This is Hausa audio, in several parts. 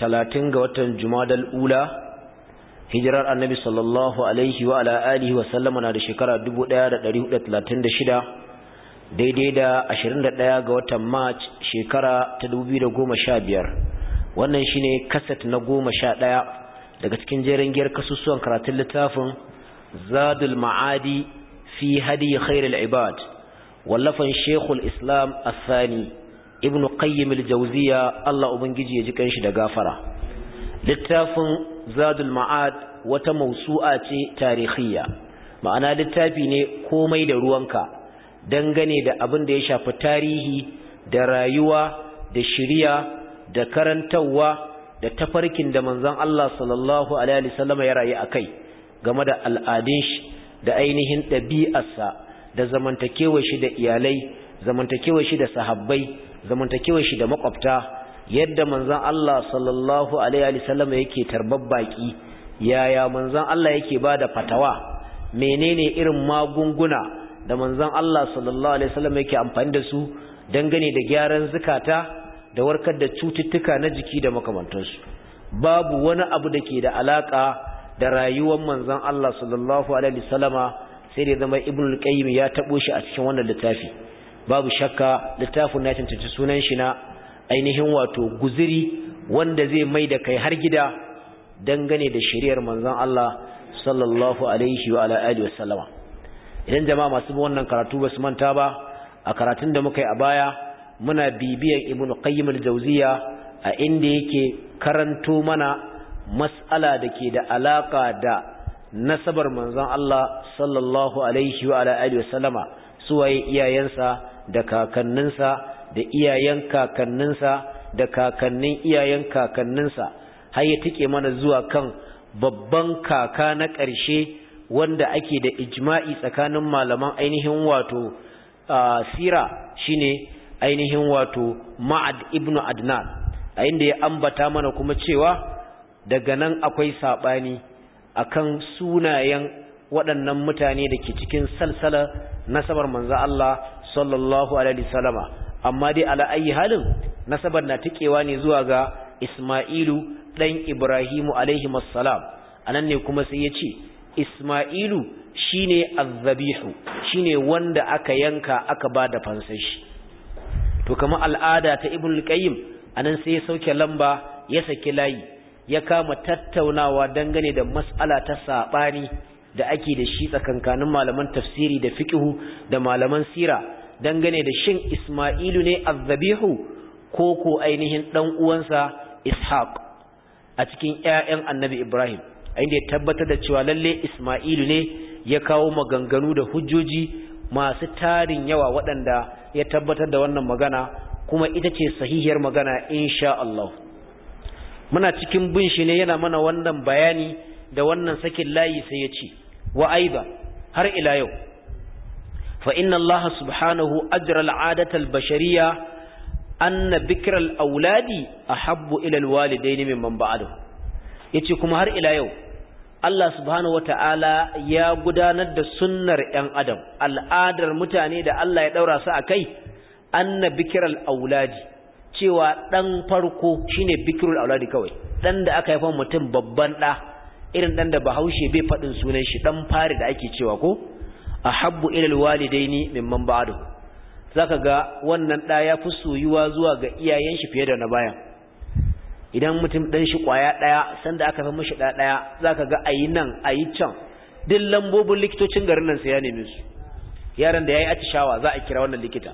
talatin ga watan jumadal ula hijirar annabi sallallahu alaihi wa ala alihi wa sallama na da shekara 1436 daidai da 21 ga watan march shekara ta 2015 wannan shine kaset na 11 daga cikin jerin giyar kasusuwan karatun littafin zadul ma'adi fi hadi khairul ibad wallafan shekul islam asani ibn qayyim al-jawziya Allah ubangiji ya ji kanshi da gafara littafin zadul ma'ad wata mausu'a ce tarihiyya ma'ana littafi ne komai da ruwanka dangane da abin da ya shafi tarihi da rayuwa da shiriya da karantawa da tafarkin da manzon Allah sallallahu alaihi wasallam ya rayu akai game da al'adun shi da ainihin ɗabi'arsa da zamantakewar shi da iyalai zamantakewar shi da sahabbai zamantakewar shi da makwabta yadda manzan Allah sallallahu alaihi wasallam yake tarbar baƙi, yaya manzan Allah yake bada fatawa menene irin magunguna da manzan Allah sallallahu alaihi wasallam yake amfani da su dangane da gyaran zukata da warkar da cututtuka na jiki da makamantansu babu wani abu da ke da alaƙa da rayuwar manzan Allah sallallahu alaihi sallama sai da zama Ibn qayyim ya taɓo shi a cikin wannan littafi babu shakka littafin na tantance sunan shi na ainihin wato guziri wanda zai mai da kai har gida dangane da shiriyar manzon Allah sallallahu alaihi wa alihi wa idan jama'a masu bin wannan karatu ba su manta ba a karatun da muka yi a baya muna bibiyan ibnu qayyim al-jawziya a inda yake karanto mana mas'ala da ke da alaka da nasabar manzon Allah sallallahu alaihi wa alihi wa suwaye iyayensa da kakanninsa da iyayen kakanninsa da kakannin iyayen kakanninsa har ya tike mana zuwa kan babban kaka na ƙarshe wanda ake da ijma'i tsakanin malaman ainihin wato sira shine ainihin wato ma'ad ibnu adnan a inda ya ambata mana kuma cewa daga nan akwai saɓani a kan sunayen waɗannan mutane da ke cikin salsala nasabar manzo Allah sallallahu alaihi wasallama amma dai ala ayi halin nasabar na tikewa ne zuwa ga Isma'ilu dan Ibrahimu alaihi salam. anan ne kuma sai ya ce Isma'ilu shine azzabihu shine wanda aka yanka aka bada fansar shi to kama al'ada ta Ibn al-Qayyim anan sai ya sauke lamba ya saki layi ya kama tattaunawa dangane da mas'ala ta sabani da ake da shi tsakankanin malaman tafsiri da fiqhu da malaman sira dangane da shin Isma'ilu ne azzabihu ko ko ainihin dan uwansa Ishaq a cikin ƴaƴan Annabi Ibrahim inda ya tabbatar da cewa lalle Isma'ilu ne ya kawo maganganu da hujjoji masu tarin yawa waɗanda ya tabbatar da wannan magana kuma ita ce sahihiyar magana insha Allah muna cikin bin shi ne yana mana wannan bayani da wannan sakin layi sai ya ce wa aiba har ila yau fa inna Allah subhanahu ajra al'adat al-bashariyya anna bikr al-auladi ahabbu ila al-walidayn mimman ba'dahu yace kuma har ila yau Allah subhanahu ta'ala ya gudanar da sunnar ‘yan adam, al'adar mutane da Allah ya ɗaura su a kai, anna bikiral bikirar auladi, cewa ɗan farko shi ne bikirar auladi kawai, ɗan da aka haifan mutum babban ɗa, irin ɗan da bahaushe bai faɗin sunan shi ɗan fari da ake cewa ko? A habbu ahabbu ila alwalidaini mimman ba'du zaka ga wannan da ya fi soyuwa zuwa ga iyayen shi fiye da na bayan idan mutum dan shi kwaya daya sanda aka fi mishi da daya zaka ga ayi nan ayi can duk lambobin likitocin garin nan sai ya neme su yaran da yayi atishawa za a kira wannan likita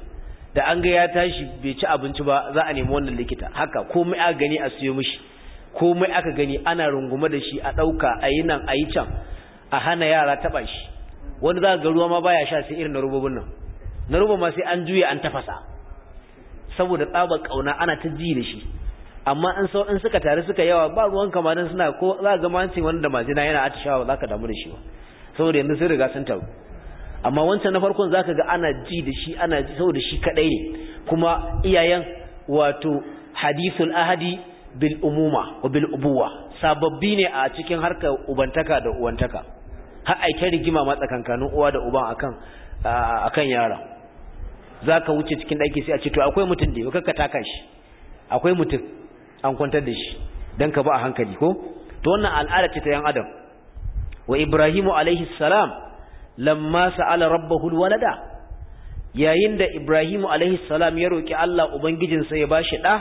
da an ga ya tashi bai ci abinci ba za a nemi wannan likita haka komai aka gani a siyo mishi komai aka gani ana rungume da shi a dauka ayi nan ayi can a hana yara taba shi wani za ga ruwa ma baya sha sai irin na nan na ma sai an juya an tafasa saboda tsabar kauna ana ta ji da shi amma in sau in suka tare suka yawa ba ruwan kamarin suna ko za ga mancin da majina yana atishawa ba za ka damu da shi ba saboda yanzu sun riga sun taru amma wancan na farkon za ka ga ana ji da shi ana ji saboda shi kaɗai ne kuma iyayen wato hadithul ahadi bil umuma wa bil ubuwa sababbi ne a cikin harkar ubantaka da uwantaka har ai ta rigima ma tsakankanin uwa da uban akan akan yara zaka wuce cikin daki sai a ce to akwai mutum da ya taka shi akwai mutum an kwantar da shi dan ka ba a hankali ko to wannan al'ada ce ta yan adam wa ibrahimu alaihi salam lamma sa'ala rabbahu walada yayin da ibrahimu alaihi salam ya roki Allah ubangijinsa ya bashi da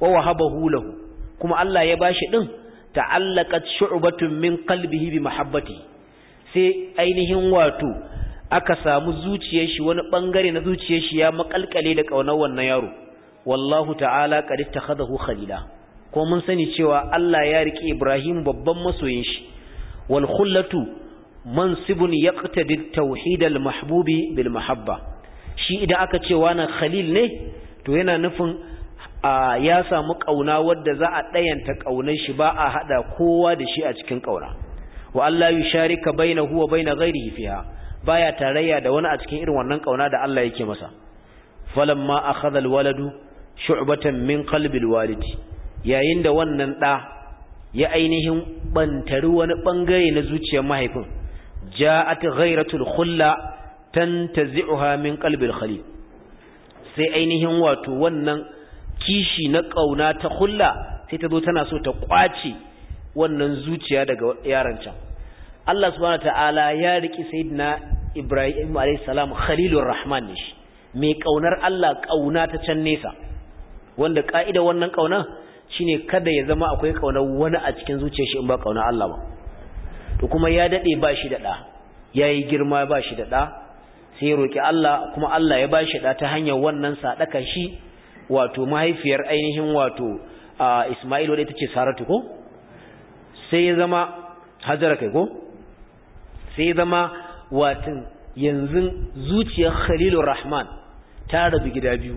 wa wahabahu lahu kuma Allah ya bashi din ta'allaqat shu'batun min qalbihi bi mahabbati sai ainihin wato aka samu zuciyar shi wani bangare na zuciyar shi ya makalkale da kaunar wannan yaro wallahu ta'ala qad ittakhadahu khalila ko mun sani cewa Allah ya rike Ibrahim babban masoyin shi wal khullatu mansibun yaqtadi at-tauhid al-mahbubi bil mahabba shi idan aka ce wani khalil ne to yana nufin ya samu kauna wadda za a dayanta kaunar shi ba a hada kowa da shi a cikin kauna wa Allah sharika bainahu wa bain ghairihi fiha baya tarayya da wani a cikin irin wannan kauna da Allah yake masa falamma akhadha alwaladu shu'batan min qalbi alwalidi yayin da wannan da ya ainihin bantari wani bangare na zuciyar mahaifin ja'at ghairatul khulla tantazi'uha min qalbi alkhalil sai ainihin wato wannan kishi na kauna ta khulla sai ta zo tana so ta kwace wannan zuciya daga yaron can Allah subhanahu ta'ala ya riki sayyidina Ibrahim alayhi salam rahman ne shi mai ƙaunar Allah kauna ta can nesa wanda ka'ida wannan kauna shine kada ya zama akwai ƙaunar wani a cikin zuciyar shi in ba kauna Allah ba to kuma ya daɗe ba shi daɗa. da yayi girma ba shi da sai ya roki Allah kuma Allah ya ba shi da ta hanyar wannan sadaka shi wato mahaifiyar ainihin wato Isma'il wadda ita ce Saratu ko sai ya zama hajara kai ko sai ya zama watin yanzu zuciyar khalilur rahman ta rabu gida biyu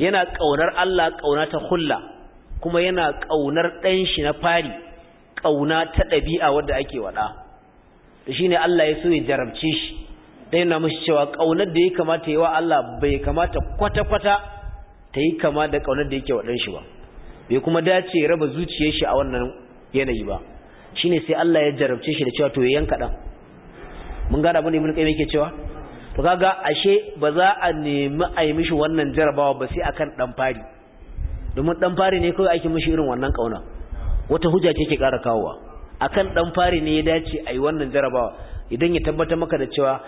yana ƙaunar Allah ƙauna ta hulla kuma yana ƙaunar ɗan shi na fari ƙauna ta ɗabi'a wadda ake waɗa da shi ne Allah ya so ya jarabce shi da yana mashi cewa ƙaunar da ya kamata yi wa Allah bai kamata kwata-kwata ta yi kama da ƙaunar da yake waɗan shi ba bai kuma dace raba zuciyar shi a wannan yanayi ba shine sai Allah ya jarabce shi da cewa to ya yanka mun gane abin da Ibn qayyim yake cewa to kaga ashe ba za a nemi a yi mishi wannan jarabawa ba sai akan dan fari domin dan fari ne kawai ake mishi irin wannan kauna wata hujja ce ke ƙara kawowa akan dan fari ne ya dace a yi wannan jarabawa idan ya tabbata maka da cewa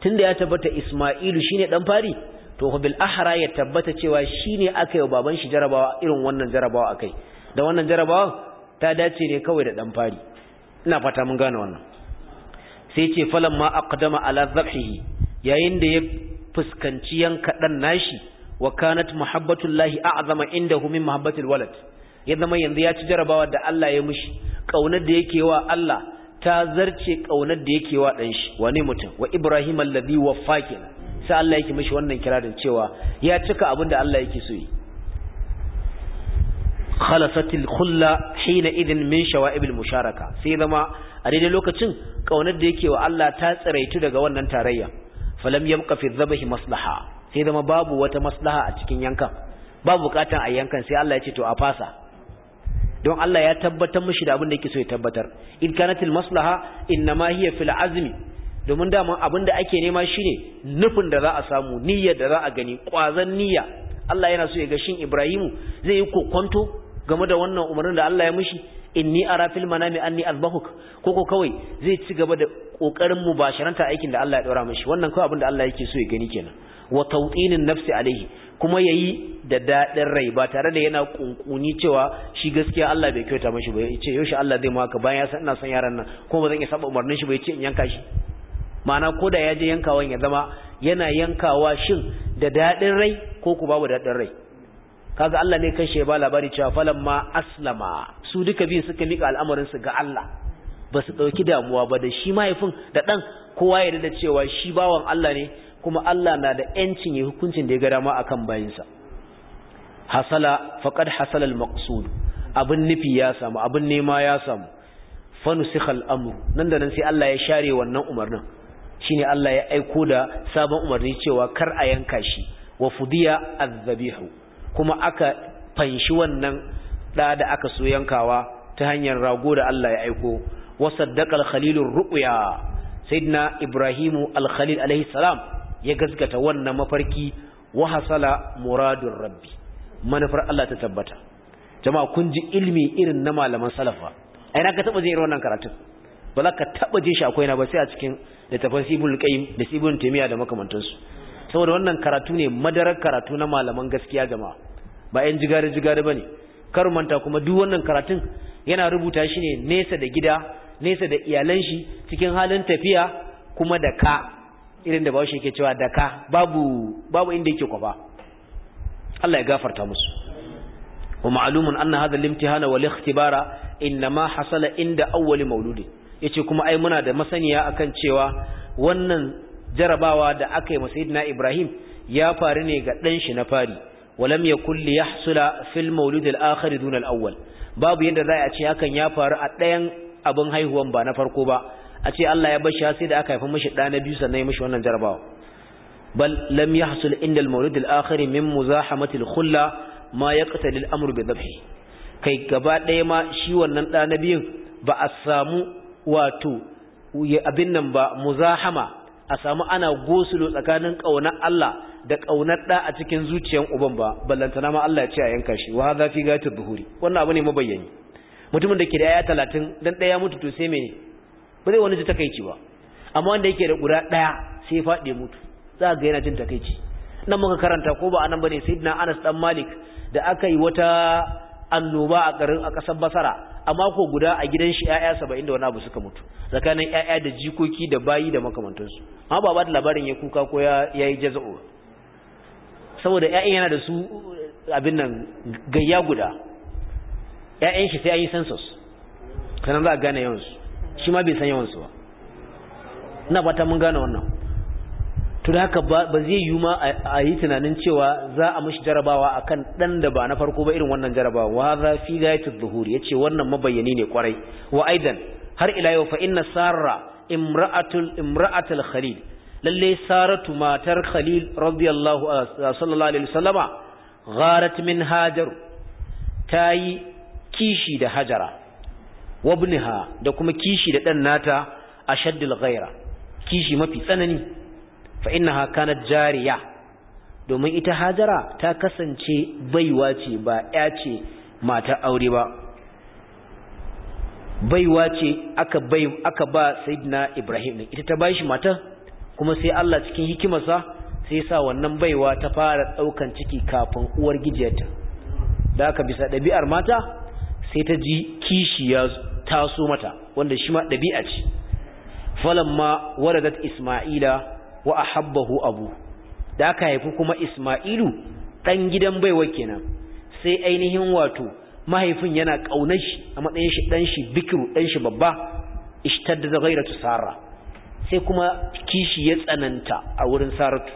tunda ya tabbata Isma'ilu shine dan fari to bil ahra ya tabbata cewa shine aka yi baban shi jarabawa irin wannan jarabawa akai da wannan jarabawa ta dace ne kawai da dan fari ina fata mun gane wannan sai ce ma aqdama ala dhabhihi yayin da ya fuskanci yanka dan nashi wa kanat muhabbatullahi a'zama inda min muhabbatil walad ya zama yanzu ya ci jarabawa da Allah ya mushi kaunar da yake wa Allah ta zarce kaunar da yake wa dan shi wani mutum wa ibrahim alladhi fakin. sai Allah yake mishi wannan kirarin cewa ya cika abin da Allah yake so yi khalasatil khulla hina idin min shawa'ibil musharaka sai zama a daidai lokacin kaunar da yake wa Allah ta tsiraitu daga wannan tarayya falam yabqa fi dhabhi maslaha sai zama babu wata maslaha a cikin yankan babu bukatan a yankan sai Allah ya ce to a fasa don Allah ya tabbatar mishi da abin da yake so ya tabbatar in kanatil maslaha innama hiya fil azmi domin daman abin da ake nema shine nufin da za a samu niyyar da za a gani kwazan niyya Allah yana so ya ga shin Ibrahimu zai yi kokonto game da wannan umarnin da Allah ya mishi inni ara fil manami anni azbahuk koko kawai zai ci gaba da kokarin mubasharanta aikin da Allah ya daura mishi wannan kawai abin da Allah yake so ya gani kenan wa tawtinin nafsi alaihi kuma yayi da dadin rai ba tare da yana kunkuni cewa shi gaskiya Allah bai kyauta mishi ba yace yaushe Allah zai maka bayan ya san ina son yaran nan ba bazan iya saba umarnin shi ba yace in yanka shi ma'ana koda ya je yankawan ya zama yana yankawa shin da dadin rai ko ku babu dadin rai kaga Allah ne kashe shi ba labari cewa falamma aslama su duka biyu suka mika al'amarin su ga Allah ba su ɗauki damuwa ba da shi mahaifin da ɗan kowa ya da cewa shi bawan Allah ne kuma Allah na da yancin ya hukuncin da ya ga dama akan bayinsa hasala faqad hasalal al-maqsud abin nufi ya samu abin nema ya samu fanusikhal amru nan da nan sai Allah ya share wannan umarnin shine Allah ya aiko da sabon umarni cewa kar a yanka shi wa fudiya az-zabihu kuma aka fanshi wannan ɗa da aka so yankawa ta hanyar rago da Allah ya aiko wa saddaqa al-khalilur ru'ya sayyidina ibrahimu al-khalil alaihi salam ya gaskata wannan mafarki wa hasala muradur rabbi manufar Allah ta tabbata jama'a kun ji ilmi irin na malaman salafa ai na ka taba jin wannan karatun ba za ka taba jin shi akwai na ba sai a cikin littafin sibul qayyim da sibul timiya da makamantansu saboda wannan karatu ne madarar karatu na malaman gaskiya gama. ba yan jigare jigare ne. kar manta kuma duk wannan karatun yana rubuta shi ne nesa da gida nesa da iyalan shi cikin halin tafiya kuma da ka irin da bawashi yake cewa da ka babu babu inda yake kwafa Allah ya gafarta musu wa ma'lumun anna hadha al-imtihana wal ikhtibara inma hasala inda awwal Ya yace kuma ai muna da masaniya akan cewa wannan jarabawa da aka yi wa sayyidina Ibrahim ya faru ne ga dan shi na fari walam yakul li yahsula fil mawlid al akhir dun al awwal babu yanda za a ce hakan ya faru a ɗayan abin haihuwan ba na farko ba a ce Allah ya bashi shi sai da aka haifa mishi ɗa na biyu sannan ya mishi wannan jarabawa bal lam yahsul inda al mawlid al akhir min muzahamati al khulla ma yaqtali al amru bi dhabhi kai gaba ɗaya ma shi wannan ɗa na biyun ba a samu wato abin nan ba muzahama a samu ana gosulo tsakanin ƙaunar Allah da ƙaunar ɗa a cikin zuciyar uban ba ballantana ma Allah ya ce a yanka shi wa hadha fi gatir buhuri wannan abu ne mabayyani mutumin da ke da yaya talatin dan ɗaya mutu to sai mene ba zai wani ji takaici ba amma wanda yake da guda ɗaya sai ya faɗi mutu za ga yana jin takaici nan muka karanta ko ba anan bane sayyidina Anas dan Malik da aka yi wata annoba a garin a ƙasar Basra a mako guda a gidan shi yaya saba'in da wani abu suka mutu tsakanin yaya da jikoki da bayi da makamantansu amma ba ba da labarin ya kuka ko ya yayi jaza'o saboda ƴaƴan yana da su uh, abin nan gayya guda ƴaƴan shi sai an yi census sannan za a gane yawansu shi ma bai san yawansu ba ina fata mun gane wannan to haka ba zai yi ma a yi tunanin cewa za a mashi jarabawa akan ɗan da ba na farko ba irin wannan jarabawa wa hadha fi ghayatil zuhur ce wannan mabayyani ne kwarai wa aidan har ila yau fa inna sarra imra'atul imra'atul khalil lalle saratu matar khalil radiyallahu ah, sallallahu alaihi wasallama gharat min hajar tayi kishi da hajara wabniha da kuma kishi da dan nata ashaddul ghaira kishi mafi tsanani fa innaha kanat jariya domin ita hajara ta kasance baiwa ce ba ya ce mata aure ba baiwa ce aka bai aka ba sayyidina ibrahim ita ta bashi mata kuma sai Allah cikin hikimarsa sai sa wannan baiwa ta fara daukan ciki kafin uwar gijiyarta da aka bisa dabi'ar mata sai ta ji kishi ya taso mata wanda shi ma dabi'a ce falamma waradat isma'ila wa ahabbahu abu da aka haifi kuma Isma'ilu dan gidan baiwa kenan sai ainihin wato mahaifin yana kaunar shi a matsayin shi dan shi bikiru dan shi babba ishtadda ghairatu sara sai kuma kishi ya tsananta a wurin saratu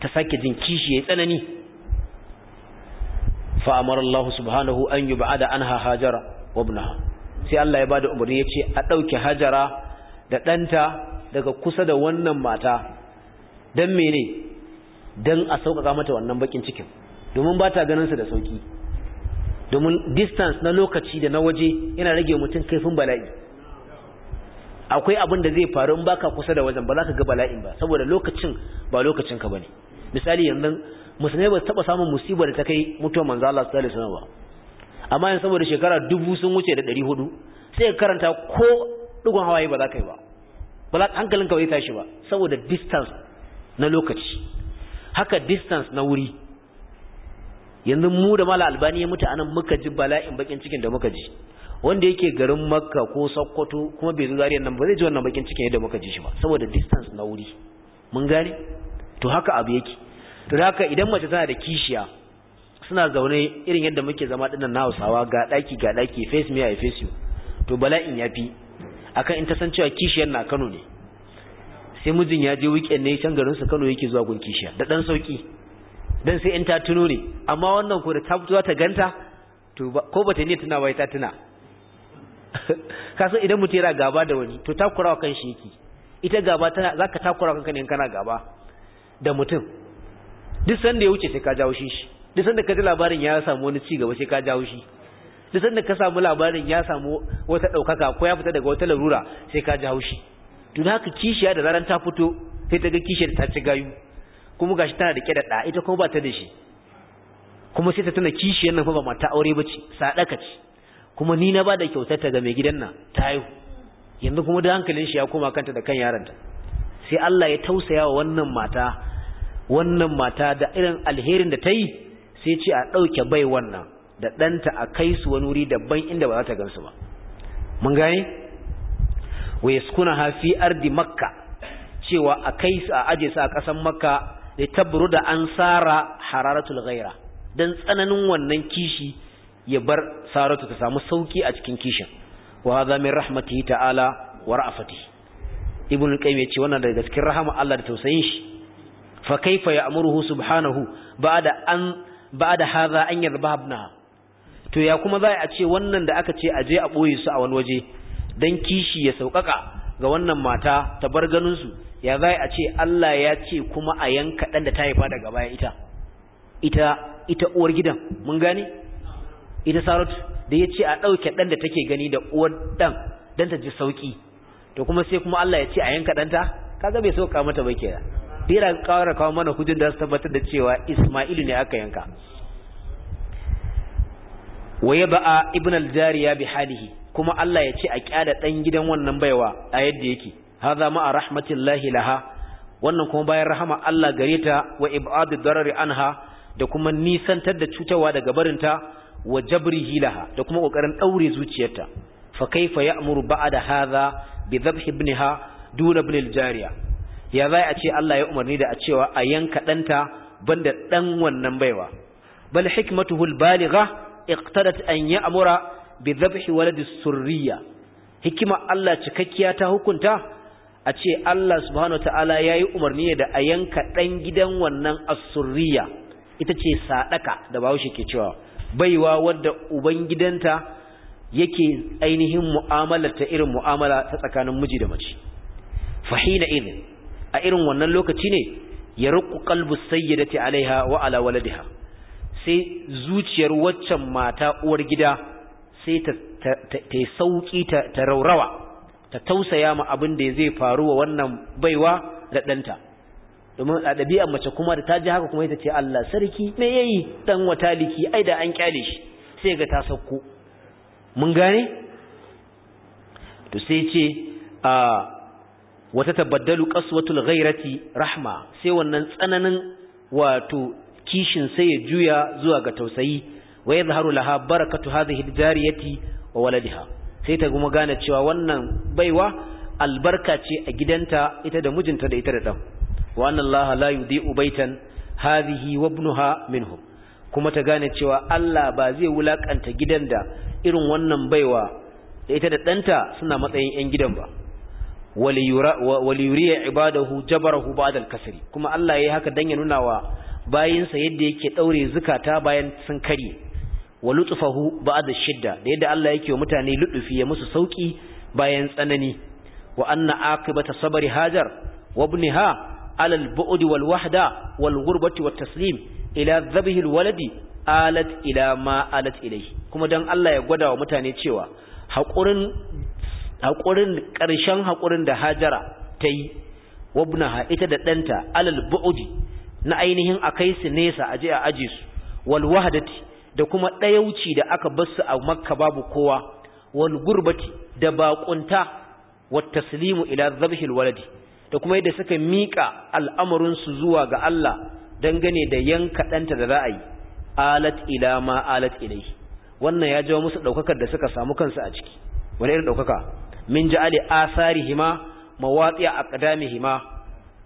ta sake jin kishi ya tsanani fa amara Allah subhanahu an yub'ada anha hajara wa ibnaha sai Allah ya bada umarni yace a dauke hajara da danta daga kusa da wannan mata don mene don a sauƙaƙa mata wannan bakin cikin domin ba ta su da sauƙi domin distance na lokaci da na waje yana rage mutum kaifin bala'i akwai abin da zai faru in baka kusa da wajen ba za ka ga bala'in ba saboda lokacin ba lokacin ka bane misali yanzu musulmai ba su taba samun musibar da ta kai mutuwar manzo Allah sallallahu alaihi wasallam ba amma yanzu saboda shekara dubu sun wuce da ɗari hudu sai ka karanta ko ɗigon hawaye ba za ka yi ba ba za hankalin ka bai tashi ba saboda distance na lokaci haka distance na wuri yanzu mu da mala albani ya mutu anan muka ji bala'in bakin cikin da muka ji wanda yake garin makka ko sokoto kuma bai zo zariyar nan ba zai ji wannan bakin cikin yadda muka ji shi ba saboda distance na wuri mun gane to haka abu yake to haka idan mace tana da kishiya suna zaune irin yadda muke zama dinnan na Hausawa ga daki ga daki face me I face you to bala'in ya fi. akan in ta san cewa kishiyar na Kano ne sai mijin ya je weekend ne can garin Kano yake zuwa gun kishiya da dan sauki dan sai in ta tuno ne amma wannan ko da ta fito ta ganta to ko ta ne tuna bai ta tuna kasan idan mutum yana gaba da wani to takurawa kan shi yake ita gaba tana zaka takurawa kanka ne kana gaba da mutum duk sanda ya wuce sai ka jawo shi duk sanda ka ji labarin ya samu wani ci gaba sai ka jawo shi duk sanda ka samu labarin ya samu wata ɗaukaka ko ya fita daga wata larura sai ka ji haushi to haka kishiya da zaran ta fito sai ta ga kishiyar ta ci gayu kuma gashi tana da da ita kuma ba ta da shi kuma sai ta tana kishiyar nan fa ba mata aure ba ce sadaka ce kuma ni na ba da kyautar ta ga mai gidan nan ta haihu yanzu kuma da hankalin shi ya koma kanta da kan yaronta sai Allah ya tausaya wa wannan mata wannan mata da irin alherin da ta yi sai ce a ɗauke bai wannan da ɗanta a kai su wani wuri daban inda ba za ta gansu ba mun gane wa yaskuna ha fi ardi makka cewa a kai su a aje su a ƙasan makka da tabru da an sara hararatul ghaira dan tsananin wannan kishi ya bar saratu ta samu sauki a cikin kishin wa hadha min rahmatihi ta'ala wa rafati ibnu qayyim yace wannan daga cikin rahama Allah da tausayin shi fa kaifa ya'muruhu subhanahu ba'da an ba'da hadha an yadhbahna to ya kuma za a ce wannan da aka ce a je a ɓoye su a wani waje don kishi ya sauƙaƙa ga wannan mata ta bar ganinsu ya za a ce Allah ya ce kuma a yanka ɗan da ta haifa daga baya ita ita ita uwar gidan mun gane ita saratu da ya ce a ɗauke ɗan da take gani da uwar ɗan don ta ji sauƙi to kuma sai kuma Allah ya ce a yanka ɗanta kaga bai sauƙa mata ba kenan dira ƙara kawo mana hujjar da su tabbatar da cewa Isma'ilu ne aka yanka wa ba'a ibn al-jariya bi halihi kuma Allah ya ce a kyada dan gidan wannan baiwa a yadda yake hadha ma rahmatillahi laha wannan kuma bayan rahama Allah gare ta wa ibadu darari anha da kuma nisantar da cutarwa daga barinta wa jabrihi laha da kuma kokarin daure zuciyarta fa kaifa ya'muru ba'da hadha bi dhabhi ibniha duna ibn al-jariya ya zai a ce Allah ya umarni da a cewa a yanka danta banda dan wannan baiwa bal hikmatuhu al-baligha iqtadat an ya'mura bi dhabhi waladi surriya hikima Allah cikakkiya ta hukunta a ce Allah subhanahu wataala yayi umarni da a yanka dan gidan wannan as-surriya ita ce sadaka da Bahaushe ke cewa baiwa wadda ubangidanta yake ainihin mu'amala ta irin mu'amala ta tsakanin miji da mace fahina idin a irin wannan lokaci ne ya ruku qalbu sayyidati alaiha wa ala waladiha sai zuciyar waccan mata uwar gida sai ta ta sauki ta ta ta tausaya ma abin da zai faru wa wannan baiwa da danta domin a ɗabi'ar mace kuma da ta ji haka kuma ita ce Allah sarki me yayi dan wataliki ai da an kyale shi sai ga ta sauko mun gane to sai ce a wata tabaddalu qaswatul ghairati rahma sai wannan tsananin wato kishin sai ya juya zuwa ga tausayi wa yadhharu laha barakatu hadhihi aljariyati wa waladiha sai ta kuma gane cewa wannan baiwa albarka ce a gidanta ita da mijinta da ita da dan wa anna allaha la yudhi'u baitan hadhihi wa kuma ta gane cewa Allah ba zai wulakanta gidan da irin wannan baiwa da ita da ɗanta suna matsayin 'yan gidan ba waliyuriya ibadahu jabarahu ba'dal kasri kuma Allah yayi haka dan ya nuna wa bayinsa yadda yake ɗaure zukata bayan sun kare wa ba da shidda da yadda Allah yake wa mutane luɗufi ya musu sauƙi bayan tsanani wa anna bata sabari hajar wa ibnaha ala al-bu'd wal wahda wal ghurbati taslim ila dhabhi al-waladi alat ila ma alat ilayhi kuma dan Allah ya gwada wa mutane cewa haƙurin haƙurin ƙarshen haƙurin da Hajara ta yi wabnaha ita da ɗanta alal bu'udi na ainihin a kai su nesa a je a aje su wal wahdati da kuma ɗayauci da aka bar su a makka babu kowa wal gurbati da baƙunta wa taslimu ila zabhil waladi da kuma yadda suka miƙa al'amarin su zuwa ga Allah dangane da yanka ɗanta da za a yi alat ila ma alat ilai wannan ya jawo musu ɗaukakar da suka samu kansu a ciki wani irin ɗaukaka min ja'ali asarihima mawatsiya hima.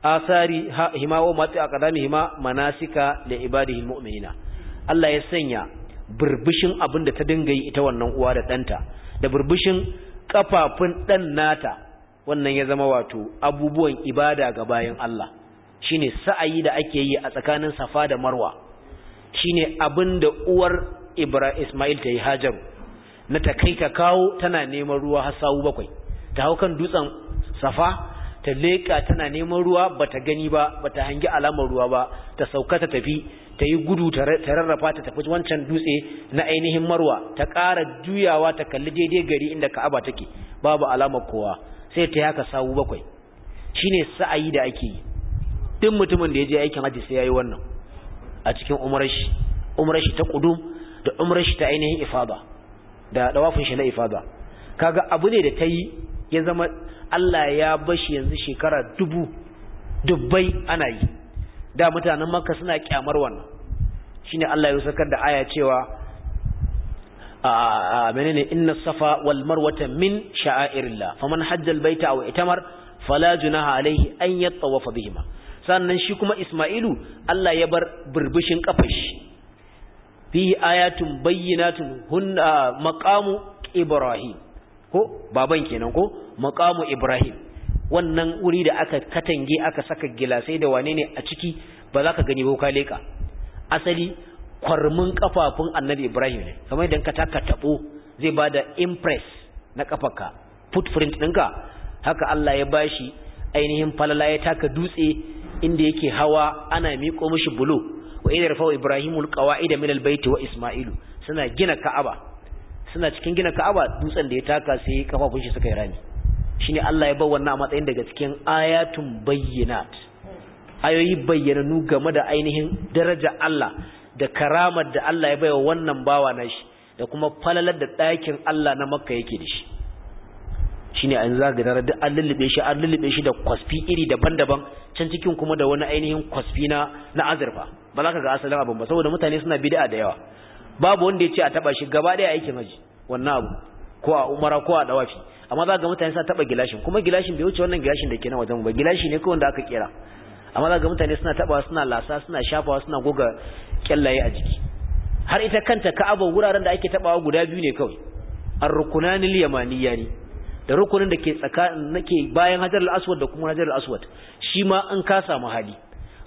asari hima wa mati aqdami hima manasika li ibadihi almu'minina Allah ya sanya burbushin abin da ta dinga yi ita wannan uwa da danta da burbushin kafafun dan nata wannan ya zama wato abubuwan ibada ga bayan Allah shine sa'ayi da ake yi a tsakanin Safa da Marwa shine abin da uwar Ibrahim Ismail ta yi Hajaru na ta kai ta kawo tana neman ruwa har sau bakwai ta hau kan dutsen Safa ta leƙa tana neman ruwa bata gani ba bata hangi alamar ruwa ba ta sauka ta tafi ta yi gudu ta rarrafa ta tafi wancan dutse na ainihin marwa ta ƙara juyawa ta kalli daidai gari inda ka'aba take babu alamar kowa sai ta haka sawu bakwai shine sa'ayi da ake yi duk mutumin da ya je aikin hajji sai yayi wannan a cikin umrar shi ta qudum da umrar ta ainihin ifada da dawafin shi na ifada kaga abu ne da ta yi. ya zama Allah ya bashi yanzu shekara dubu dubbai ana yi da mutanen makka suna kyamar wannan shine Allah ya sakar da aya cewa a menene inna safa wal marwata min sha'airillah faman hajjal baita aw itamar fala junaha alayhi an yattawafa bihima sannan shi kuma Isma'ilu Allah ya bar burbushin kafar shi fi ayatun bayyinatun hunna maqamu ibrahim ko baban kenan ko maqamu ibrahim wannan wuri da aka katange aka saka gilasai da wane ne a ciki ba za ka gani ba ka leka asali kwarmin kafafun annabi ibrahim ne kamar idan ka taka tabo zai bada impress na kafarka footprint ɗinka haka Allah ya bashi ainihin falala ya taka dutse inda yake hawa ana miƙo mishi bulo wa idar fa ibrahimul qawaida min albayti wa isma'ilu suna gina ka'aba suna cikin gina ka'aba dutsen da ya taka sai kafafun shi suka yi rami shine Allah ya bar wannan a matsayin daga cikin ayatun bayyinat ayoyi bayyananu game da ainihin daraja Allah da karamar da Allah ya baiwa wannan bawa nashi da kuma falalar da ɗakin Allah na Makka yake da shi shine an zaga dare duk an lullube shi an lullube shi da kwasfi iri daban-daban can cikin kuma da wani ainihin kwasfi na na azurfa ba za ka ga asalin abin ba saboda mutane suna bid'a da yawa babu wanda ya ce a taba shi gaba a aikin haji wannan abu ko a umara ko a dawafi amma za ga mutane suna taba gilashin kuma gilashin bai wuce wannan gilashin da ke nan wajen ba gilashi ne kawai wanda aka kera amma za ga mutane suna taba suna lasa suna shafawa suna goga kyallaye a jiki har ita kanta abu wuraren da ake tabawa guda biyu ne kawai ar-rukunan yamaniya ne da rukunin da ke tsakanin nake bayan hajar al-aswad da kuma hajar al-aswad shi ma an ka samu hali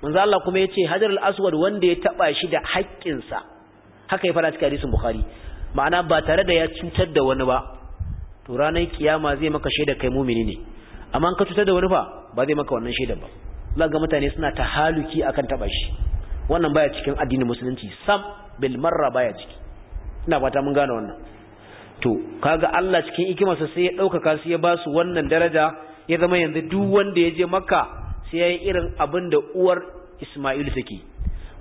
manzo Allah kuma yace hajar al-aswad wanda ya taba shi da haƙƙinsa haka ya fara cikin hadisin bukhari ma'ana ba tare da ya cutar da wani ba to ranar kiyama zai maka shaida kai mumini ne amma ka cutar da wani ba ba zai maka wannan shaidan ba za ga mutane suna ta tahaluki akan taba shi wannan baya cikin addinin musulunci sam bil marra baya ciki ina fata mun gane wannan to kaga Allah cikin hikimarsa sai ya ɗaukaka su ya ba su wannan daraja ya zama yanzu duk wanda ya je makka sai ya irin abin da uwar Ismail take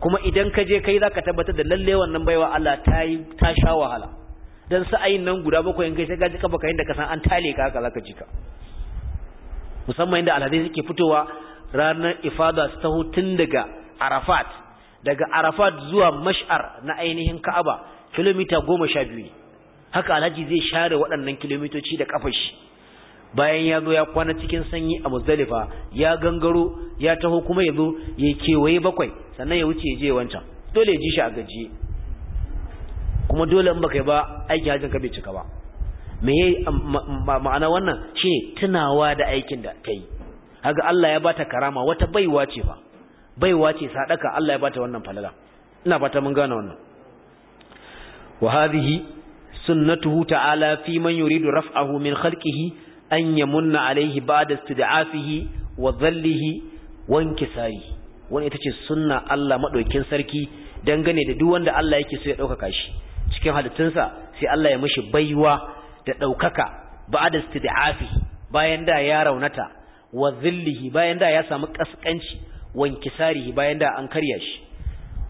kuma idan ka je kai zaka tabbatar da lalle wannan baiwa Allah ta yi ta sha wahala dan sa'ayin nan guda bakwai in kai sai gaji kafa kayin da ka san an tale ka haka zaka ji ka musamman inda alhadai suke fitowa ranar ifada su ta tun daga Arafat daga Arafat zuwa Mash'ar na ainihin Ka'aba kilomita goma sha biyu haka alhaji zai share waɗannan kilomitoci da kafashi bayan ya zo ya kwana cikin sanyi a muzdalifa ya gangaro ya taho kuma ya zo ya kewaye bakwai sannan ya wuce ya je wancan dole ya ji shi a gajiye kuma dole in baka yi ba aikin hajjin ka bai cika ba me ya ma'ana wannan shi ne tunawa da aikin da ta yi haka Allah ya bata karama wata baiwa ce fa baiwa ce sadaka Allah ya bata wannan falala ina fata mun gane wannan wa hadhihi sunnatuhu ta'ala fi man yuridu raf'ahu min khalqihi an yamunna alaihi ba'da istid'afihi wa dhallihi wa inkisari wani ita ce sunna Allah maɗaukin sarki dangane da duk wanda Allah yake so ya ɗaukaka shi cikin halittunsa sai Allah ya mishi baiwa da daukaka ba'da istid'afihi bayan da ya raunata wa dhillihi bayan da ya samu kaskanci wa inkisarihi bayan da an karya shi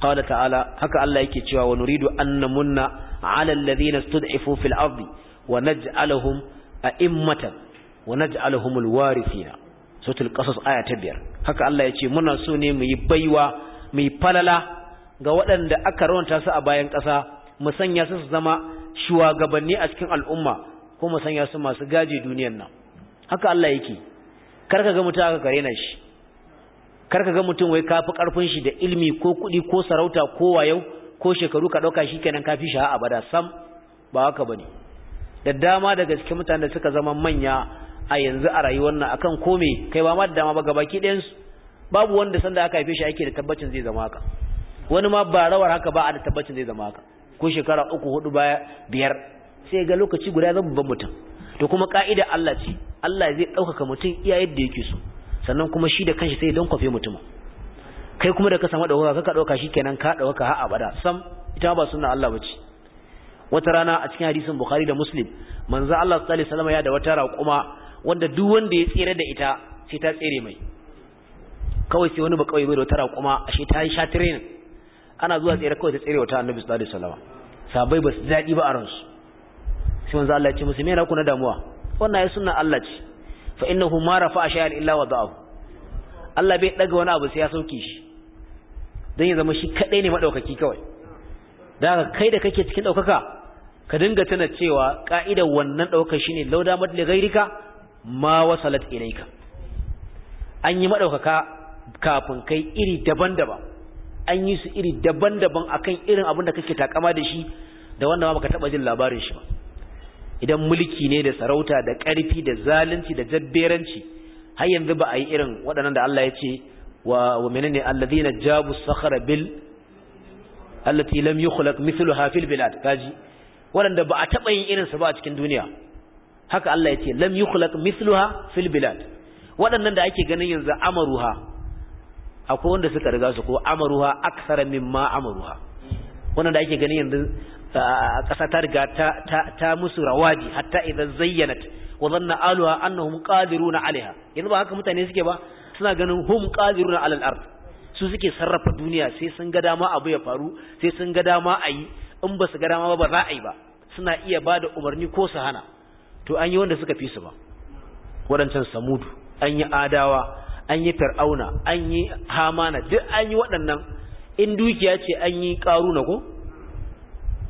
qala ta'ala haka Allah yake cewa wa nuridu an namunna 'ala alladhina istud'ifu fil ardi wa naj'aluhum a'immatan wa naj'aluhum warithina suratul qasas aya ta biyar haka Allah ya muna so ne mu yi baiwa mu yi falala ga waɗanda aka rawanta su a bayan ƙasa mu sanya su su zama shugabanni a cikin al'umma ko mu sanya su masu gaji duniyar nan haka Allah yake kar ka ga mutum aka na shi kar ka ga mutum wai ka fi karfin shi da ilimi ko kuɗi ko sarauta ko wayau ko shekaru ka ɗauka shi kenan kafi shi abada sam ba haka bane da dama daga cikin mutanen da suka zama manya a yanzu a rayuwar nan akan kome kai ba ma da dama ba gabaki ɗayan su babu wanda sanda aka haife shi ake da tabbacin zai zama haka wani ma ba rawar haka ba a da tabbacin zai zama haka ko shekara uku hudu baya biyar sai ga lokaci guda zan babban mutum to kuma ka'ida Allah ce Allah zai ɗaukaka mutum iya yadda yake so sannan kuma shi da kanshi sai don kwafe mutumin kai kuma da ka samu ɗaukaka ka ɗauka shi kenan ka ɗauka har abada sam ita ba suna Allah ba ce wata rana a cikin hadisin Bukhari da Muslim manzo Allah sallallahu alaihi wasallam ya da wata raƙuma wanda duk wanda ya tsere da ita sai ta tsere mai kawai sai wani ba kawai bai da wata raƙuma ashe ta yi sha tirin ana zuwa tsere kawai ta tsere wata annabi sallallahu alaihi wasallam sabai ba su daɗi ba a ransu sai manzo Allah ya ce musu me ku na damuwa wannan ya sunna Allah ce fa innahu ma rafa shay'an illa wada'ahu Allah bai daga wani abu sai ya sauke shi don ya zama shi kadai ne madaukaki kawai da kai da kake cikin daukaka ka dinga tana cewa ka'idar wannan daukar shine lauda madli li ma wasalat ilayka an yi madaukaka kafin kai iri daban-daban an yi su iri daban-daban akan irin abin da kake takama da shi da wanda ma baka taba jin labarin shi ba idan mulki ne da sarauta da ƙarfi da zalunci da jabberanci har yanzu ba a yi irin waɗannan da Allah ya ce wa wa menene alladhina jabu sakhara bil allati lam yukhlaq mithluha fil bilad kaji waɗanda ba a taba yin irin su ba a cikin duniya haka Allah ya ce lam yukhlaq misluha fil bilad waɗannan da ake ganin yanzu amaruha akwai wanda suka riga su ko amaruha aksara mimma amaruha wannan da ake ganin yanzu ƙasa ta riga ta musu rawaji hatta idan zayyanat wa zanna aluha annahum qadiruna alaiha yanzu ba haka mutane suke ba suna ganin hum qadiruna alal ard su suke sarrafa duniya sai sun ga dama abu ya faru sai sun ga dama ayi in ba su ga dama ba ba za a yi ba suna iya ba da umarni ko su hana to an yi wanda suka fi su ba waɗancan samudu an yi adawa an yi fir'auna an yi hamana duk an yi waɗannan in dukiya ce an yi ƙaruna ko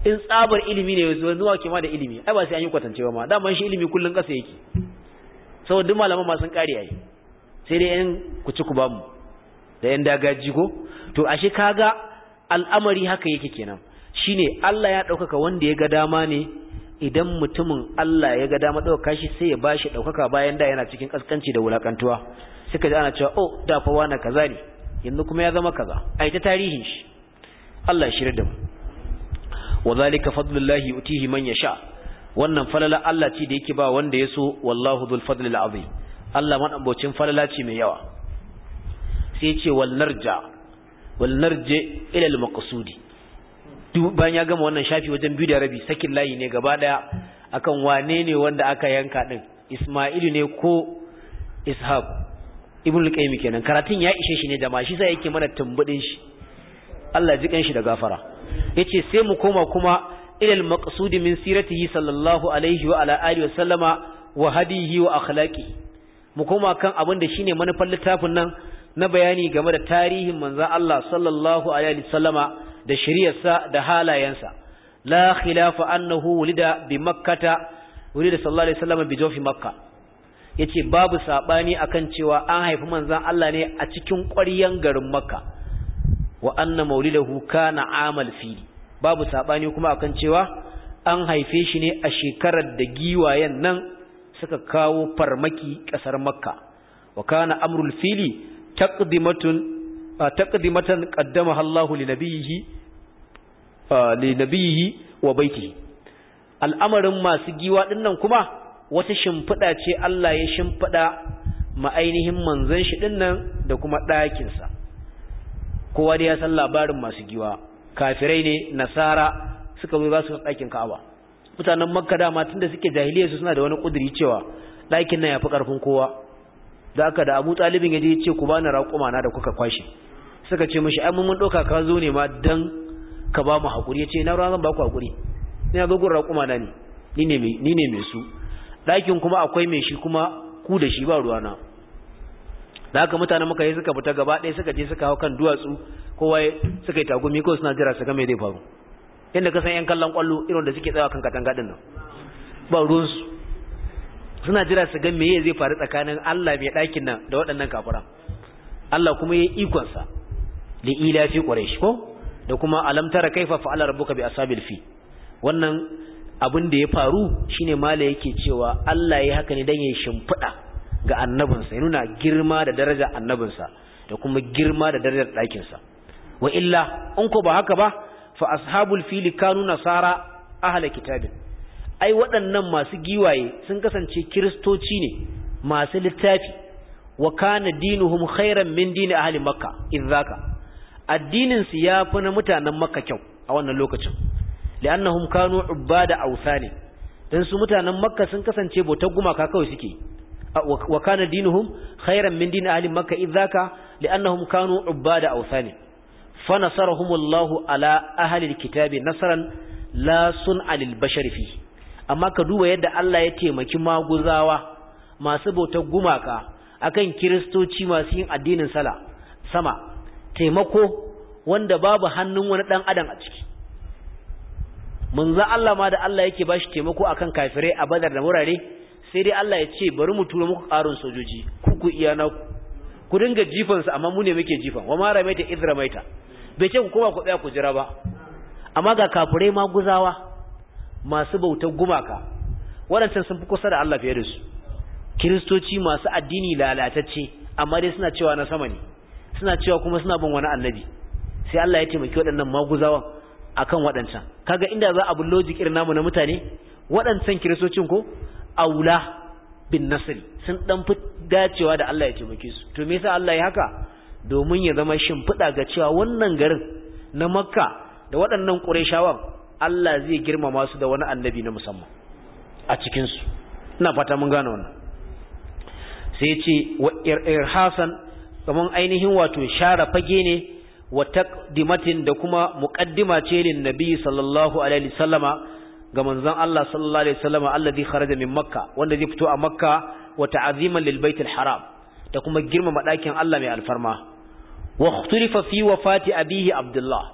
in tsabar ilimi ne yanzu zuwa ke ma da ilimi ai ba sai an yi kwatance ba ma dama shi ilimi kullum ƙasa yake saboda duk malaman ma ƙari ai sai dai yan ku ci ku bamu da yan dagaji ko to ashe kaga al'amari haka yake kenan shine Allah ya ɗaukaka wanda ya ga dama ne idan mutumin Allah ya ga dama ɗauka shi sai ya ba shi ɗaukaka bayan da yana cikin ƙasƙanci da wulaƙantuwa suka ji ana cewa oh da fa wani kaza ne yanzu kuma ya zama kaza ai ta tarihin shi Allah shi da mu wa zalika fadlullahi yutihi man yasha wannan falala Allah ce da yake ba wanda ya so wallahu dhul fadli al azim Allah madambocin falala ce mai yawa sai ya ce wal narja wal narje ila al maqsudi bayan ya gama wannan shafi wajen biyu da rabi sakin layi ne gaba daya akan wane ne wanda aka yanka din Isma'ilu ne ko Ishaq Ibn al-Qayyim kenan karatun ya ishe shi ne ma shi sai yake mana tumbudin shi Allah ji kanshi da gafara yace sai mu koma kuma ilal maqsud min siratihi sallallahu alaihi wa ala alihi wa sallama wa hadihi wa akhlaqi mu koma kan abin da shine manufar littafin nan na bayani game da tarihin manzon Allah sallallahu alaihi wa sallama da shiriyarsa da halayensa la khilafa annahu wulida bi makkata wulida sallallahu alaihi wasallam bi jawfi makka yace babu sabani akan cewa an haifi manzon Allah ne a cikin ƙwaryan garin makka wa anna maulidahu kana amal fili babu sabani kuma akan cewa an haife shi ne a shekarar da giwayen nan suka kawo farmaki ƙasar makka wa kana amrul fili taqdimatun taqdimatan qaddamaha Allahu li nabiyhi li nabiyhi wa baitihi al'amarin masu giwa dinnan kuma wata shimfida ce Allah ya shimfida ma ainihin manzon shi dinnan da kuma ɗakinsa sa kowa da ya san labarin masu giwa kafirai ne nasara suka zo za su ɗakin Ka'aba mutanen Makka dama da suke jahiliya su suna da wani kudiri cewa ɗakin nan yafi karfin kowa da aka da Abu Talibin ya je ya ce ku bani raƙuma na da kuka kwashe suka ce mishi ai mun ɗauka ka zo ne ma dan ka ba mu haƙuri ya ce na ruwa zan ba ku haƙuri ina zo gurra kuma na ne ni ne mai su ɗakin kuma akwai mai shi kuma ku da shi ba ruwa na. da haka mutanen muka yi suka fita gaba ɗaya suka je suka hau kan duwatsu kowa suka yi tagumi ko suna jira su ga mai zai faru inda ka san yan kallon kwallo irin da suke tsawa kan katanga din nan ba ruwansu suna jira su ga mai zai faru tsakanin Allah mai ɗakin nan da waɗannan kafara Allah kuma ya yi ikonsa li ila fi quraish ko da kuma alam tara kaifa fa'alar rabbuka bi asabil fi wannan abin da ya faru shine mala yake cewa Allah ya haka ne dan ya shimfiɗa ga annabinsa ya nuna girma da daraja annabinsa da kuma girma da darajar ɗakinsa. sa wa illa in ko ba haka ba fa ashabul fili kanu nasara ahla kitabin ai waɗannan masu giwaye sun kasance kiristoci ne masu littafi wa kana dinuhum khairan min dini ahli makka idzaka addinin su fi na mutanen makka kyau a wannan lokacin li'annahum kanu ubada awsani dan su mutanen makka sun kasance bautar gumaka kawai suke wa kana dinuhum khairan min din ahli makka idzaka li'annahum kanu ubada awsani fa nasarahumullahu ala ahli alkitabi nasran la sun alil bashar fi amma ka duba yadda Allah ya taimaki maguzawa masu bautar gumaka akan kiristoci masu yin addinin sala sama taimako wanda babu hannun wani dan adam a ciki mun za Allah ma da Allah yake bashi taimako akan kafirai a badar da murare sai dai Allah ya ce bari mu tura muku ƙarin sojoji ku ku iya na ku dinga jifan amma mu ne muke jifan wa ma ramaita idh maita bai ce ku koma ku tsaya ku jira ba amma ga kafirai ma guzawa masu bautar gumaka waɗancan sun fi kusa da Allah fiye da su kiristoci masu addini lalatacce amma dai suna cewa na sama ne suna cewa kuma suna bin wani annabi sai Allah ya taimaki waɗannan maguzawan akan waɗancan kaga inda za a bi logic irin namu na mutane waɗancan kiristocin ko aula bin nasri sun dan fi dacewa da Allah ya taimake su to me yasa Allah ya haka domin ya zama shimfiɗa ga cewa wannan garin na Makka da waɗannan Qurayshawan Allah zai girmama su da wani annabi na musamman a cikinsu? su ina fata mun gane wannan sai ya ce wa irhasan kaman ainihin wato share fage ne wa taqdimatin da kuma muqaddima ce lin nabi sallallahu alaihi wasallama ga manzon Allah sallallahu alaihi wasallama alladhi kharaja min makka wanda zai fito a makka wa ta'aziman lil baitil haram da kuma girmama ɗakin Allah mai alfarma wa ikhtilifa fi wafati abihi abdullah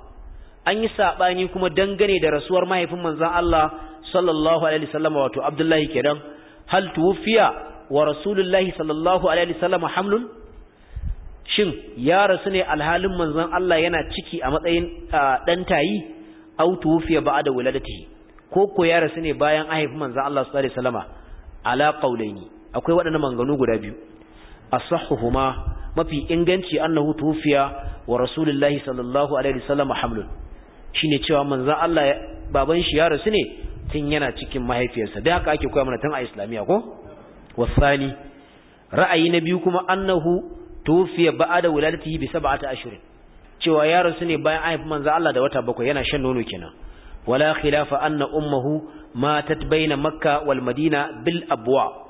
an yi sabani kuma dangane da rasuwar mahaifin manzon Allah sallallahu alaihi wasallama wato abdullahi kenan hal tuwfiya wa rasulullahi sallallahu alaihi wasallama hamlun shin ya rasu ne alhalin manzon Allah yana ciki a matsayin dan tayi aw tufiya ba'da wuladatihi ko ko ya rasu ne bayan haifi manzon Allah sallallahu alaihi wasallama ala qaulaini akwai waɗannan manganu guda biyu asahuhuma mafi inganci annahu tufiya wa rasulullahi sallallahu alaihi wasallama hamlun shine cewa manzon Allah baban shi ya rasu ne tun yana cikin mahaifiyarsa da haka ake koya mana tun a islamiya ko wasani ra'ayi na biyu kuma annahu tufiya ba'ada wuladatihi bi ta ashirin. cewa ya rasu ne bayan an haifi manza Allah da wata bakwai yana shan nono kenan wala khilafa anna ummuhu matat baina makka wal madina bil abwa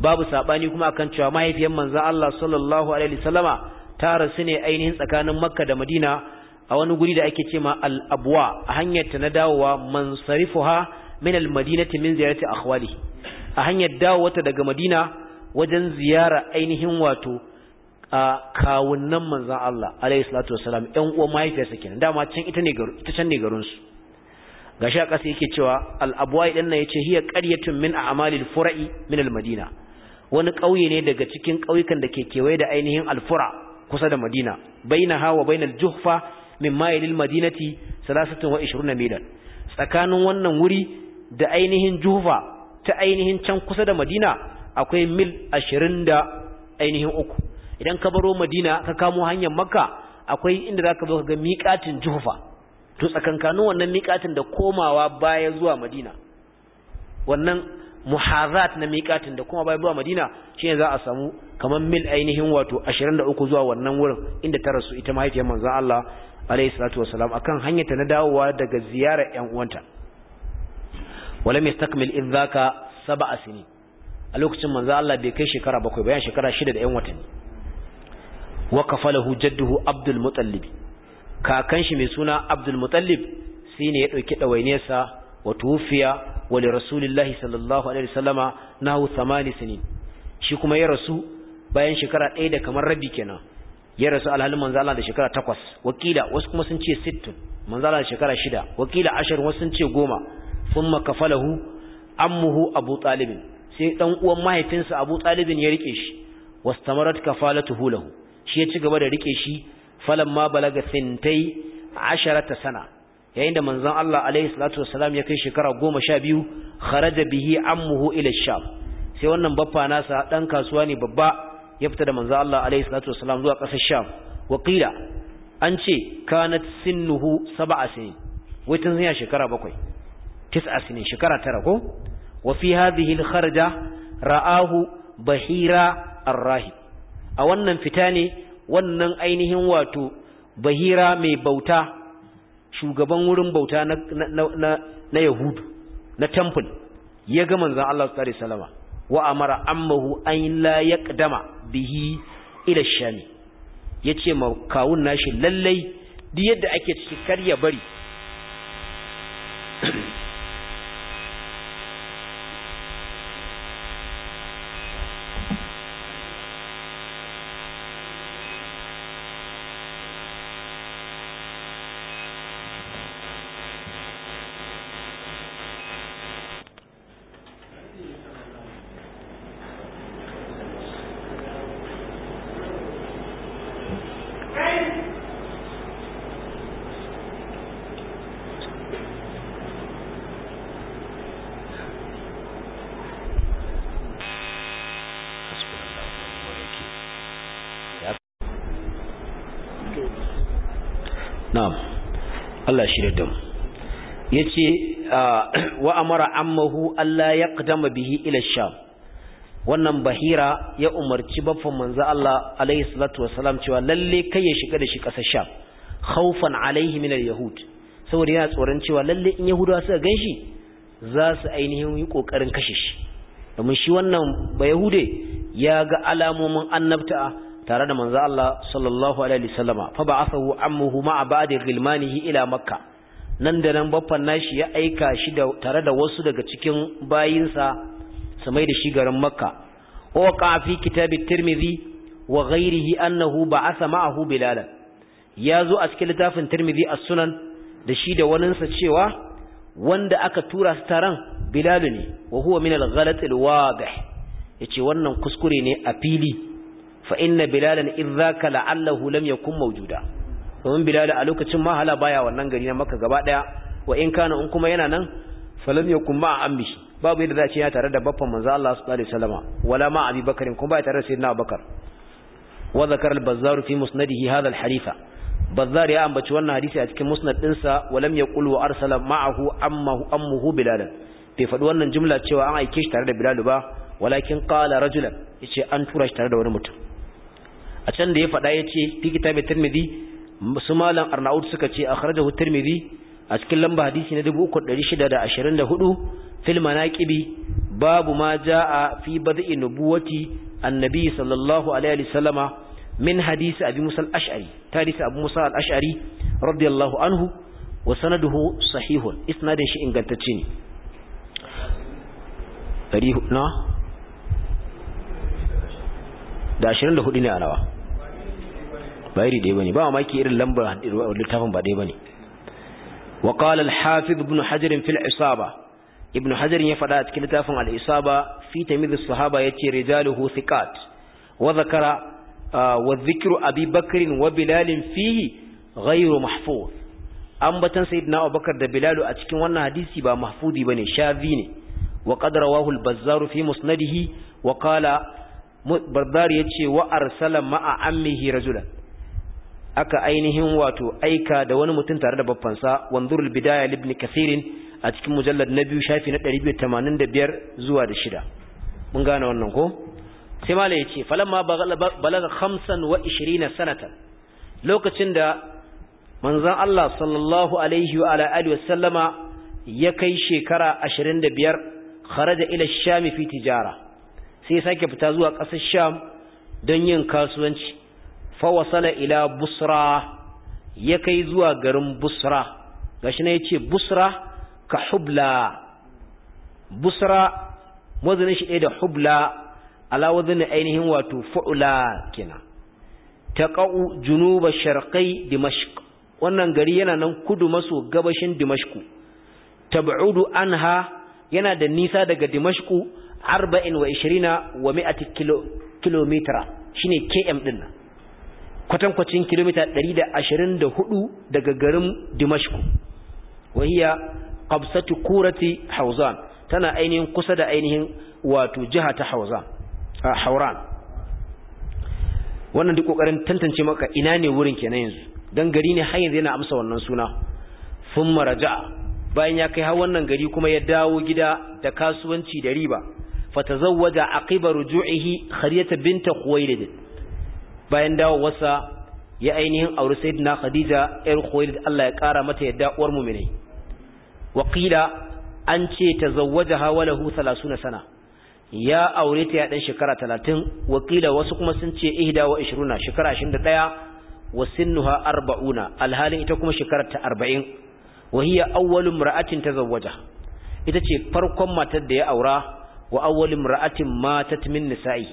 babu sabani kuma akan cewa mahaifiyar manza Allah sallallahu alaihi wasallama ta rasu ne ainihin tsakanin makka da madina a wani guri da ake cewa al abwa a hanyar ta na dawowa mansarifuha min al madinati min ziyarati akhwali a hanyar ta daga madina wajen ziyara ainihin wato a kawunnan manzan Allah alaihi salatu wasalam ƴan uwan mahaifiyarsa kenan dama can ita ne garinsu? ita can ne garin su a ƙasa yake cewa al-abwai din nan yace hiya qaryatun min a a'malil fura'i min al-madina wani ƙauye ne daga cikin ƙauyukan da ke kewaye da ainihin alfura fura kusa da madina bainaha wa bainal juhfa min mayilil madinati 23 milan tsakanin wannan wuri da ainihin juhfa ta ainihin can kusa da madina akwai mil ashirin da ainihin uku idan ka baro madina ka kamo hanyar makka akwai inda zaka zo ga miƙatin juhufa to tsakankanin wannan miƙatin da komawa baya zuwa madina wannan muhazat na miƙatin da kuma baya zuwa madina shine za a samu kamar mil ainihin wato 23 zuwa wannan wurin inda ta rasu ita mahaifiyar manzo Allah alayhi salatu wasalam akan hanyar ta na dawowa daga ziyarar ƴan uwanta walam yastakmil in zaka sab'a sini? a lokacin manzo Allah bai kai shekara bakwai bayan shekara shida da ƴan watanni Waka falahu jadduhu Abdul Muttalib kakan shi mai suna Abdul Muttalib shine ya dauki dawainiyarsa wa tufiya wa li rasulillahi sallallahu alaihi wasallama nahu 8 sinin shi kuma ya rasu bayan shekara ɗaya da kamar rabi kenan ya rasu alhalin manzo Allah da shekara takwas, wakila wasu kuma sun ce 60 manzo Allah da shekara 6 wakila 10 wasu sun ce 10 thumma kafalahu ammuhu Abu Talib sai dan uwan mahaifinsa Abu Talib ya rike shi wastamarat kafalatuhu lahu shi ya ci gaba da rike shi ma balaga sintai asharata sana yayin da manzon Allah alaihi salatu wassalam ya kai shekara goma sha biyu kharaja bihi ammuhu ila sham sai wannan baffa nasa dan kasuwa ne babba ya fita da manzon Allah alaihi salatu wassalam zuwa ƙasar sham waqila an ce kanat sinnuhu sab'a sinin wai tun zuya shekara bakwai tis'a sinin shekara tara ko wa fi hadhihi al-kharaja ra'ahu bahira ar-rahib a wannan fita ne wannan ainihin wato bahira mai bauta shugaban wurin bauta na, na, na, na yahudu na temple ya ga manzan Allah tsari salama wa amara ammahu an la yaqdama bihi ila Ya yace ma kawun nashi lallai duk yadda ake cikin karya bari yace ah, wa amara ammahu Allah ya qadama bihi ila sham wannan bahira ya umarci baffan manzo Allah alaihi salatu wassalam cewa lalle kai ya shiga da shi kasar sham khawfan alaihi min al-yahud saboda yana tsoron cewa lalle in yahudawa suka ganshi za su ainihin yi kokarin kashe shi domin shi wannan ba yahude ya ga alamomin annabta tare da manzo Allah sallallahu alaihi wasallama fa ba'athahu ammuhu ma'a ba'di ghilmanihi ila makkah nan da nan baffan nashi ya aika shi da tare da wasu daga cikin bayinsa su mai da shi garin makka wa Kitabin kitab at-tirmidhi wa ba annahu ba'atha ma'ahu bilal zo a cikin littafin tirmidhi as-sunan da shi da waninsa cewa wanda aka tura su taran bilal ne wa huwa min al-ghalat al-wadih yace wannan kuskure ne a fili fa inna bilalan idh dhaka la'allahu lam yakun mawjuda domin bilal a lokacin mahala baya wannan gari na makka gaba daya wa in kana in kuma yana nan falam yakun ma ammi babu yadda za a ce ya tare da baffan manzo Allah sallallahu alaihi wala ma abi bakarin kuma ba tare da sayyidina abubakar wa zakar al-bazzar fi musnadihi hadha al hadisa bazzar ya ambaci wannan hadisi a cikin musnad dinsa wa lam yaqul wa arsala ma'ahu ammahu ammuhu bilal bai faɗi wannan jumla cewa an aike shi tare da bilal ba walakin qala rajulan yace an tura shi tare da wani mutum a can da ya faɗa yace fi kitabi tirmidhi su malam arnaud suka ce akhrajahu tirmidhi a cikin lamba hadisi na 3624 fil manaqibi babu ma jaa fi bad'i nubuwati annabi sallallahu alaihi wasallama min hadisi abi musa al-ash'ari tarisi abu musa al-ash'ari radiyallahu anhu wa sanaduhu sahihun isnadin shi ingantacce ne dari na da 24 ne a rawa ba iri ɗaya ne ba mamaki irin lambar littafin ba ɗaya ne. wa qala hafiz ibn hajar fil isaba ibn hajar ya faɗa a cikin littafin alisaba isaba fi tamyiz as-sahaba yace rijaluhu thiqat wa zakara wa dhikru abi bakr wa bilal fihi ghayru mahfuz ambatan sayyidina abubakar da bilal a cikin wannan hadisi ba mahfudi ne shazi ne wa qad rawahu al-bazzar fi musnadihi wa qala barzari yace wa arsala ma'a ammihi rajulan aka ainihin wato aika da wani mutum tare da babbansa wanzurul bidaya libni kasirin a cikin mujallar na biyu shafi na 285 zuwa da shida mun gane wannan ko sai mala ya ce falamma balaga hamsan wa ishirina sanata lokacin da manzan Allah sallallahu alaihi wa ala wa sallama ya kai shekara 25 kharaja ila sham fi tijara sai ya sake fita zuwa ƙasar sham don yin kasuwanci fawasala ila busra ya kai zuwa garin busra gashi na ya ce busra ka hubla busra wazanin shi ɗaya da hubla ala wazanin ainihin wato fa'ula kina ta ƙa'u junuba dimashq wannan gari yana nan kudu maso gabashin dimashku tab'udu anha yana da nisa daga dimashku arba'in wa ishirina wa mi'ati shine km ɗin kwatankwacin kilomita 124 daga garin Dimashku wahiya qabsatu kurati Hauzan tana ainihin kusa da ainihin wato jiha ta Hauzan Hauran wannan duk kokarin tantance maka ina ne wurin kenan yanzu dan gari ne har yanzu yana amsa wannan suna thumma raja'a bayan ya kai har wannan gari kuma ya dawo gida da kasuwanci da riba fatazawwaja aqiba ruju'ihi khariyata Binta khuwailid bayan dawowarsa ya ainihin auri sayyidina khadija yar khuwailid Allah ya kara mata yadda uwar mu'minai waqila an ce tazawwajaha wa lahu 30 sana ya aure ta ya dan shekara 30 waqila wasu kuma sun ce ihda wa 20 shekara 21 wa sinnuha 40 alhalin ita kuma shekara ta 40 wa hiya awwalu imra'atin tazawwajaha ita ce farkon matar da ya aura wa awwalu imra'atin matat min nisa'i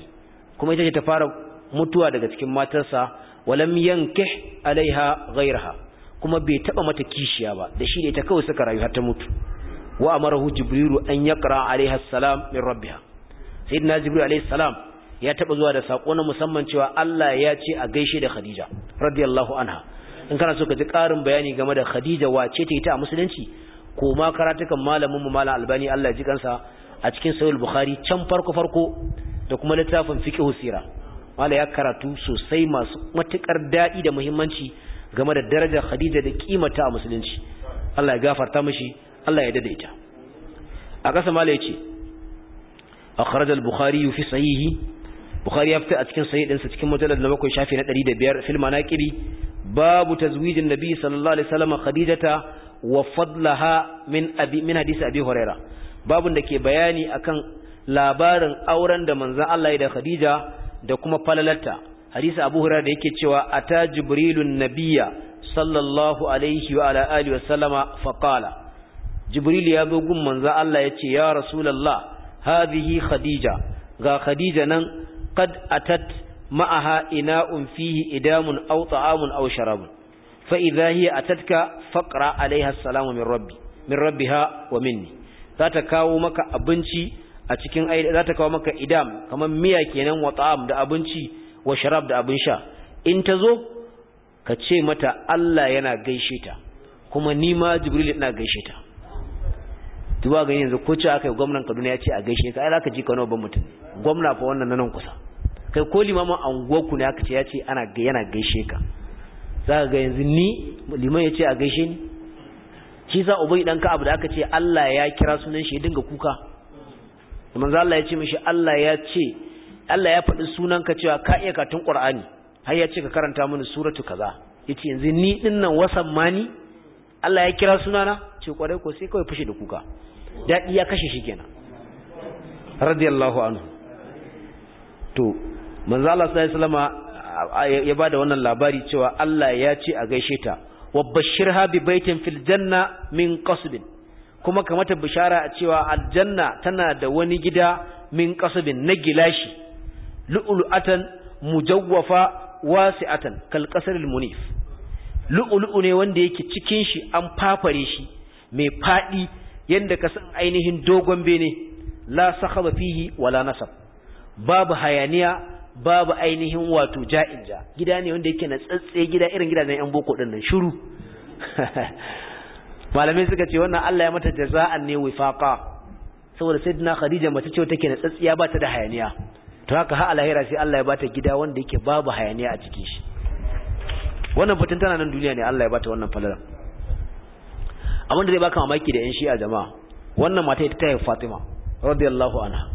kuma ita ce ta fara mutuwa daga cikin matarsa walam yankih alaiha Gairaha, kuma bai taba mata kishiya ba da shi ne ta kawai suka rayu har ta mutu wa amarahu jibrilu an yaqra alaiha salam min rabbiha sayyidina jibril alaihi salam ya taba zuwa da sako na musamman cewa Allah ya ce a gaishe da Khadija radiyallahu anha in kana so ka ji karin bayani game da Khadija wace ce ita a musulunci ko ma karatukan malamin mu malam Albani Allah ya ji kansa a cikin sahih Bukhari can farko farko da kuma littafin fiqh sirah mala ya karatu sosai masu matukar daɗi da muhimmanci game da darajar Khadija da kimata a musulunci Allah ya gafarta mishi Allah ya daidaita a ƙasa malai ce, akhraj al-bukhari fi sahihi bukhari ya fita a cikin sahih ɗinsa cikin mujallad na bakwai shafi na 105 na manaqibi babu tazwijin nabi sallallahu alaihi wasallam khadijata wa fadlaha min abi min hadisi abi huraira babun da ke bayani akan labarin auren da manzon Allah ya da khadija da kuma falalarta hadisi abu hurairah da yake cewa ata jibrilun nabiyya sallallahu alaihi wa ala wa jibril ya zo gun manza Allah ce ya rasulullah hazihi khadija ga khadija nan kad atat ma'aha ina'un fihi idamun aw ta'amun aw sharabun fa idha hiya atatka faqra alaiha assalamu min rabbi min rabbiha wa minni za ta kawo maka abinci a cikin ai za ta kawo maka idam kamar miya kenan wa ta'am da abinci wa sharab da abin sha in ta zo ka ce mata Allah yana gaishe ta kuma ni ma Jibril ina gaishe ta duba ga yanzu ko ce aka yi gwamnan Kaduna ya ce a gaishe ka ai za ka ji ka nawa ban mutum gwamna fa wannan nan kusa kai ko limamin anguwa ku ne aka ce ya ce ana yana gaishe ka ka ga yanzu ni liman ya ce a gaishe ni shi sa ubai dan ka abu da aka ce Allah ya kira sunan shi ya dinga kuka manzo Allah ya ce mishi Allah ya ce Allah ya faɗi sunanka cewa ka iya katun Qur'ani har ya ce ka karanta mini suratu kaza yace yanzu ni dinnan wasan mani Allah ya kira sunana ce kwarai ko sai kawai fushi da kuka dadi ya kashe shi kenan radiyallahu anhu to manzo Allah sallallahu alaihi wasallama ya bada wannan labari cewa Allah ya ce a gaishe ta wa bashirha bi baitin fil janna min qasbin kuma kamata bishara a cewa aljanna tana da wani gida min qasabin na gilashi lu'lu'atan mujawwafa wasi'atan kal qasril munif lu'lu'u ne wanda yake cikin shi an fafare shi mai fadi yanda ka san ainihin dogon bene la sakhaba fihi wala nasab babu hayaniya babu ainihin wato ja'inja gida ne wanda yake na tsatse gida irin gidajen yan boko din nan shiru malamai suka ce wannan Allah ya mata jaza'an ne wifaqa saboda sayyidina Khadija mace ce take da tsatsiya ba ta da hayaniya to haka har alahira sai Allah ya bata gida wanda yake babu hayaniya a cikin shi wannan fitin tana nan duniya ne Allah ya bata wannan falala abin da zai baka mamaki da yan shi a jama'a wannan mata ita ta Fatima radiyallahu anha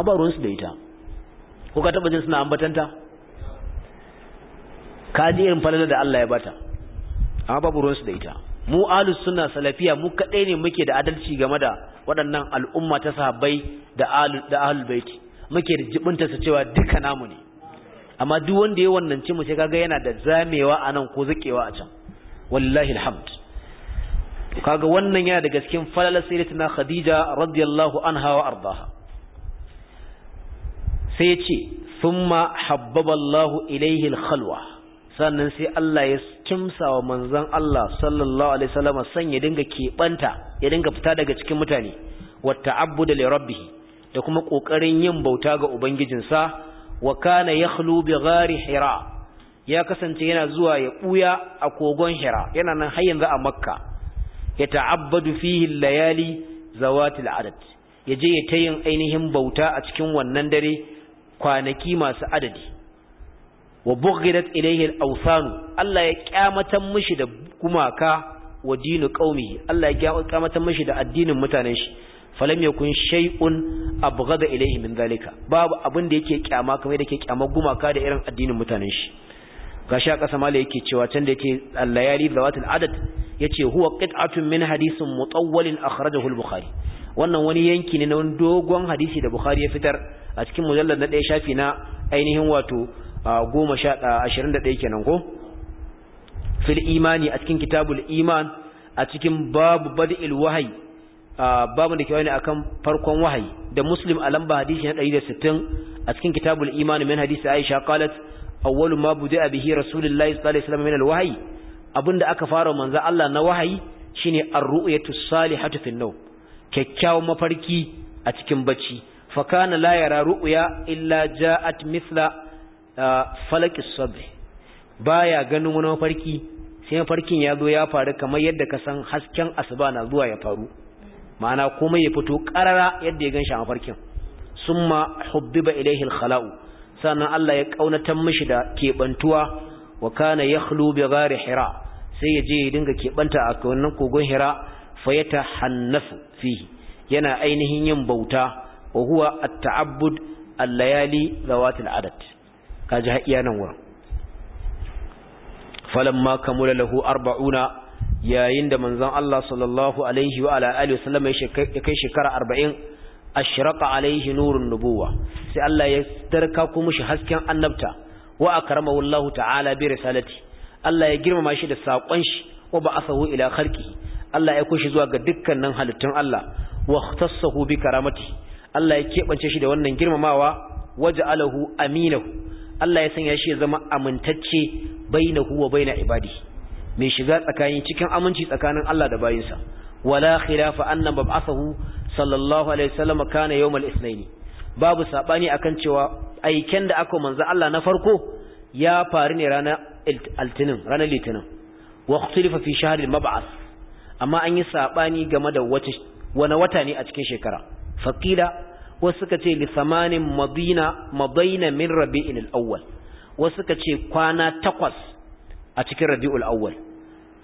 an ba ruwansu da ita ko ka taba jin suna ambatanta ka ji irin falala da Allah ya bata amma babu ruwansu da ita mu alus sunna salafiya mu kaɗai ne muke da adalci game da waɗannan al'umma ta sahabbai da da ahlul baiti muke da jibinta su cewa duka namu ne amma duk wanda ya wannan ci mu sai kaga yana da zamewa a nan ko zakewa a can wallahi alhamd kaga wannan yana daga cikin falalar sayyidatina khadija radiyallahu anha wa ardaha sai ya ce thumma habbaba allah ilayhi alkhalwa sannan sai Allah ya kimsa wa manzon Allah sallallahu alaihi wasallam san ya dinga keɓanta ya dinga fita daga cikin mutane wa ta'abbuda li rabbih da kuma kokarin yin bauta ga ubangijinsa wa kana yakhlu bi ghari hira ya kasance yana zuwa ya buya a kogon hira yana nan har yanzu a makka ya ta'abbadu fihi layali zawatil adad ya je ya tayin ainihin bauta a cikin wannan dare kwanaki masu adadi wa bughidat ilayhi al ausanu Allah ya kyamatan mishi da gumaka wa dinu qaumi Allah ya kyamatan mishi da addinin mutanen shi falam yakun shay'un abghada ilayhi min zalika babu abin da yake kyama kamar da yake kyama gumaka da irin addinin mutanen shi gashi a kasa mala yake cewa can da yake al-layali zawatul adad yace huwa qit'atun min hadisin mutawwalin akhrajahu al-bukhari wannan wani yanki ne na wani dogon hadisi da bukhari ya fitar a cikin mujallar na ɗaya shafi na ainihin wato goma sha ashirin da ɗaya kenan ko fil imani a cikin kitabul iman a cikin babu bad'il wahayi babu da ke wani akan farkon wahayi da muslim a lamba hadisi na 160 a cikin kitabul iman min hadisi aisha qalat awwalu ma budi'a bihi rasulullahi sallallahu alaihi wasallam min alwahyi abinda aka fara manzo Allah na wahayi shine ar-ru'yatu salihatu fi nawm kyakkyawan mafarki a cikin bacci fa kana la yara ru'ya illa ja'at mithla falaki sabbi baya ganin wani mafarki sai mafarkin ya zo ya faru kamar yadda ka san hasken asuba na zuwa ya faru ma'ana komai ya fito ƙarara yadda ya ganshi a mafarkin summa hubbiba ilaihi al-khala'u sannan Allah ya kaunatar mashi da keɓantuwa, wa kana yakhlu bi ghari hira sai ya je ya dinga keɓanta a wannan kogon hira fa ya tahannafu fihi yana ainihin yin bauta wa huwa at-ta'abbud al-layali zawatil adad kaji ji iya nan wurin falamma kamula lahu arba'una yayin da manzon Allah sallallahu alaihi wa alihi wasallam ya kai shekara a ashraqa alaihi nurun nubuwa sai Allah ya tarka ku mushi hasken annabta wa karama Allah ta'ala bi risalati Allah ya girmama shi da sakon shi wa sahu ila khalqihi Allah ya kushi zuwa ga dukkanin halittun Allah wa ikhtassahu bi karamati Allah ya keɓance shi da wannan girmamawa alahu aminahu Allah ya sanya shi ya zama amintacce baina wa baina ibadi mai shiga tsakani cikin aminci tsakanin Allah da bayinsa wala khilafa anna bab'athahu sallallahu alaihi wasallam kana yawmal isnaini babu sabani akan cewa aiken da aka manzo Allah na farko ya faru ne ranar altinin ranar litinin wa ikhtilifa fi shahr mabath amma an yi sabani game da wace wani wata ne a cikin shekara faqila wasu ka ce li samanin madina madaina min rabi'in al'awwal, wasu ka ce kwana takwas a cikin rabi'ul awwal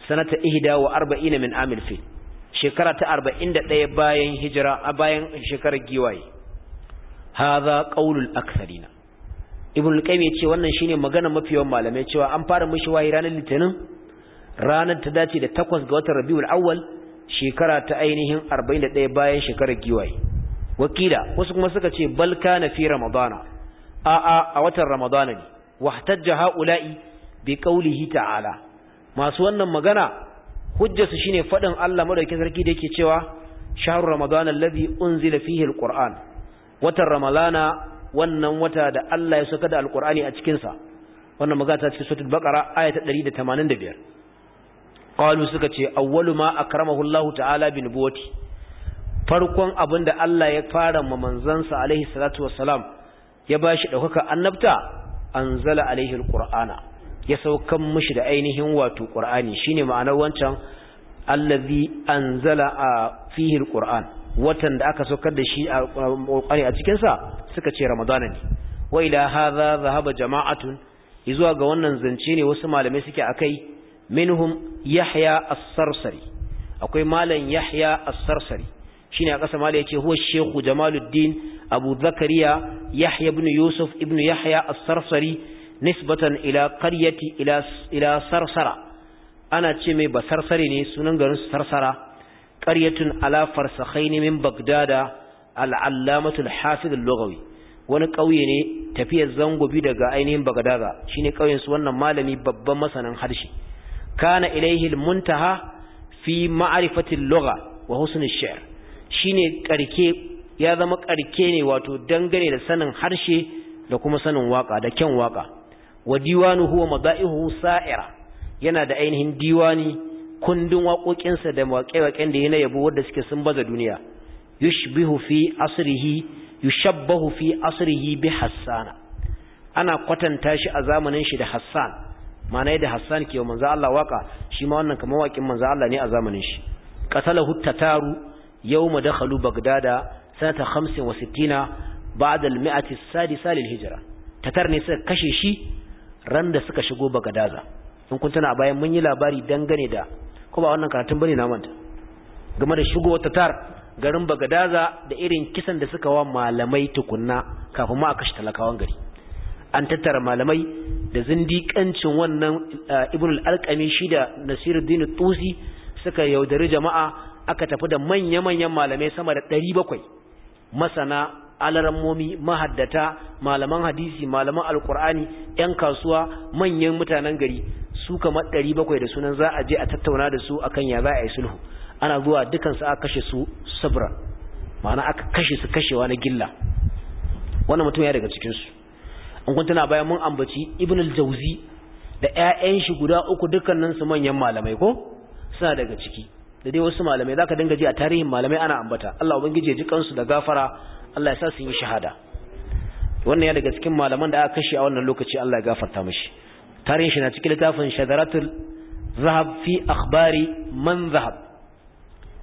sanata ihda wa arba'ina min amil fil shekara ta ɗaya bayan hijira a bayan shekarar giwaye haza qaulul aktharina ibn al-qayyim yace wannan shine magana mafi yawan malamai cewa an fara mishi wayi ranar litinin ranar ta dace da takwas ga watan rabiul awwal shekara ta ainihin ɗaya bayan shekarar giwaye wakila wasu kuma suka ce Balka na fi ramadana a a a watan ramadana ne wahtajja haula'i bi qawlihi ta'ala masu wannan magana hujjarsu shine fadin Allah madaukakin sarki da yake cewa shahru ramadana allazi unzila fihi alquran watan ramadana wannan wata da Allah ya saka da alqurani a cikin sa wannan magana ta cikin suratul baqara aya ta 185 qalu suka ce awwalu ma akramahu Allah ta'ala bi nubuwati farkon abin da Allah ya fara ma manzansa alaihi salatu wassalam ya bashi daukaka annabta anzala alaihi alqur'ana ya saukan mishi da ainihin wato qur'ani shine ma'anar wancan allazi anzala fihi alqur'an watan da aka saukar da shi a a cikin sa suka ce ramadana ne wa ila hadha zahaba jama'atun zuwa ga wannan zance ne wasu malamai suke akai minhum yahya as-sarsari akwai malam yahya as-sarsari shine a ƙasa mala yace huwa shehu jamaluddin abu zakariya yahya ibn yusuf ibn yahya as-sarsari nisbatan ila qaryati ila ila sarsara ana ce mai basarsare ne sunan garin sarsara qaryatun ala farsakhain min bagdada al-allamatu al-hafiz al-lughawi wani ƙauye ne tafiyar zango daga ainihin bagdada shine kauyen su wannan malami babban masanin harshe kana ilaihi al-muntaha fi ma'rifati al-lugha wa husn al-shi'r shine karke ya zama karke ne wato dangane da sanin harshe da kuma sanin waka da kyan waka wa diwanu huwa madaihu sa'ira yana da ainihin diwani kundin waƙoƙinsa da waƙe-waƙen da yana yabo wanda suke sun baza duniya yushbihu fi asrihi yushabbahu fi asrihi bi hassana ana kwatanta shi a zamanin shi da hassan ma'ana da hassan ke wa manzo Allah waka shi ma wannan kamar waƙin manzo Allah ne a zamanin shi qatalahu tataru yawma dakhalu bagdada sanata 65 ba'da al-mi'ati as-sadisa lil-hijra tatar ne suka kashe shi ran da suka shigo bagdaza in kun tana bayan mun yi labari dangane da ko ba wannan karatun bane na manta game da shigo tatar garin bagdaza da irin kisan da suka wa malamai tukunna kafin mu a kashe talakawan gari an tattara malamai da zindiƙancin wannan ibn al-alqami shi da nasiruddin tusi suka yaudari jama'a aka tafi da manya-manyan malamai sama da ɗari bakwai masana alarammomi mahaddata malaman hadisi malaman alkur'ani 'yan kasuwa manyan mutanen gari su kama ɗari bakwai da sunan za a je a tattauna da su akan ya za a yi sulhu ana zuwa dukansu aka kashe su sabra ma'ana aka kashe su kashewa na gilla wannan mutum ya daga cikinsu an tana bayan mun ambaci ibn al-jauzi da 'ya'yan shi guda uku dukkaninsu manyan malamai ko suna daga ciki da dai wasu malamai zaka dinga ji a tarihin malamai ana ambata Allah ubangiji ya ji kansu da gafara Allah ya sa su yi shahada wannan ya daga cikin malaman da aka kashe a wannan lokaci Allah ya gafarta mishi tarihin shi na cikin littafin shadaratul zahab fi akhbari man zahab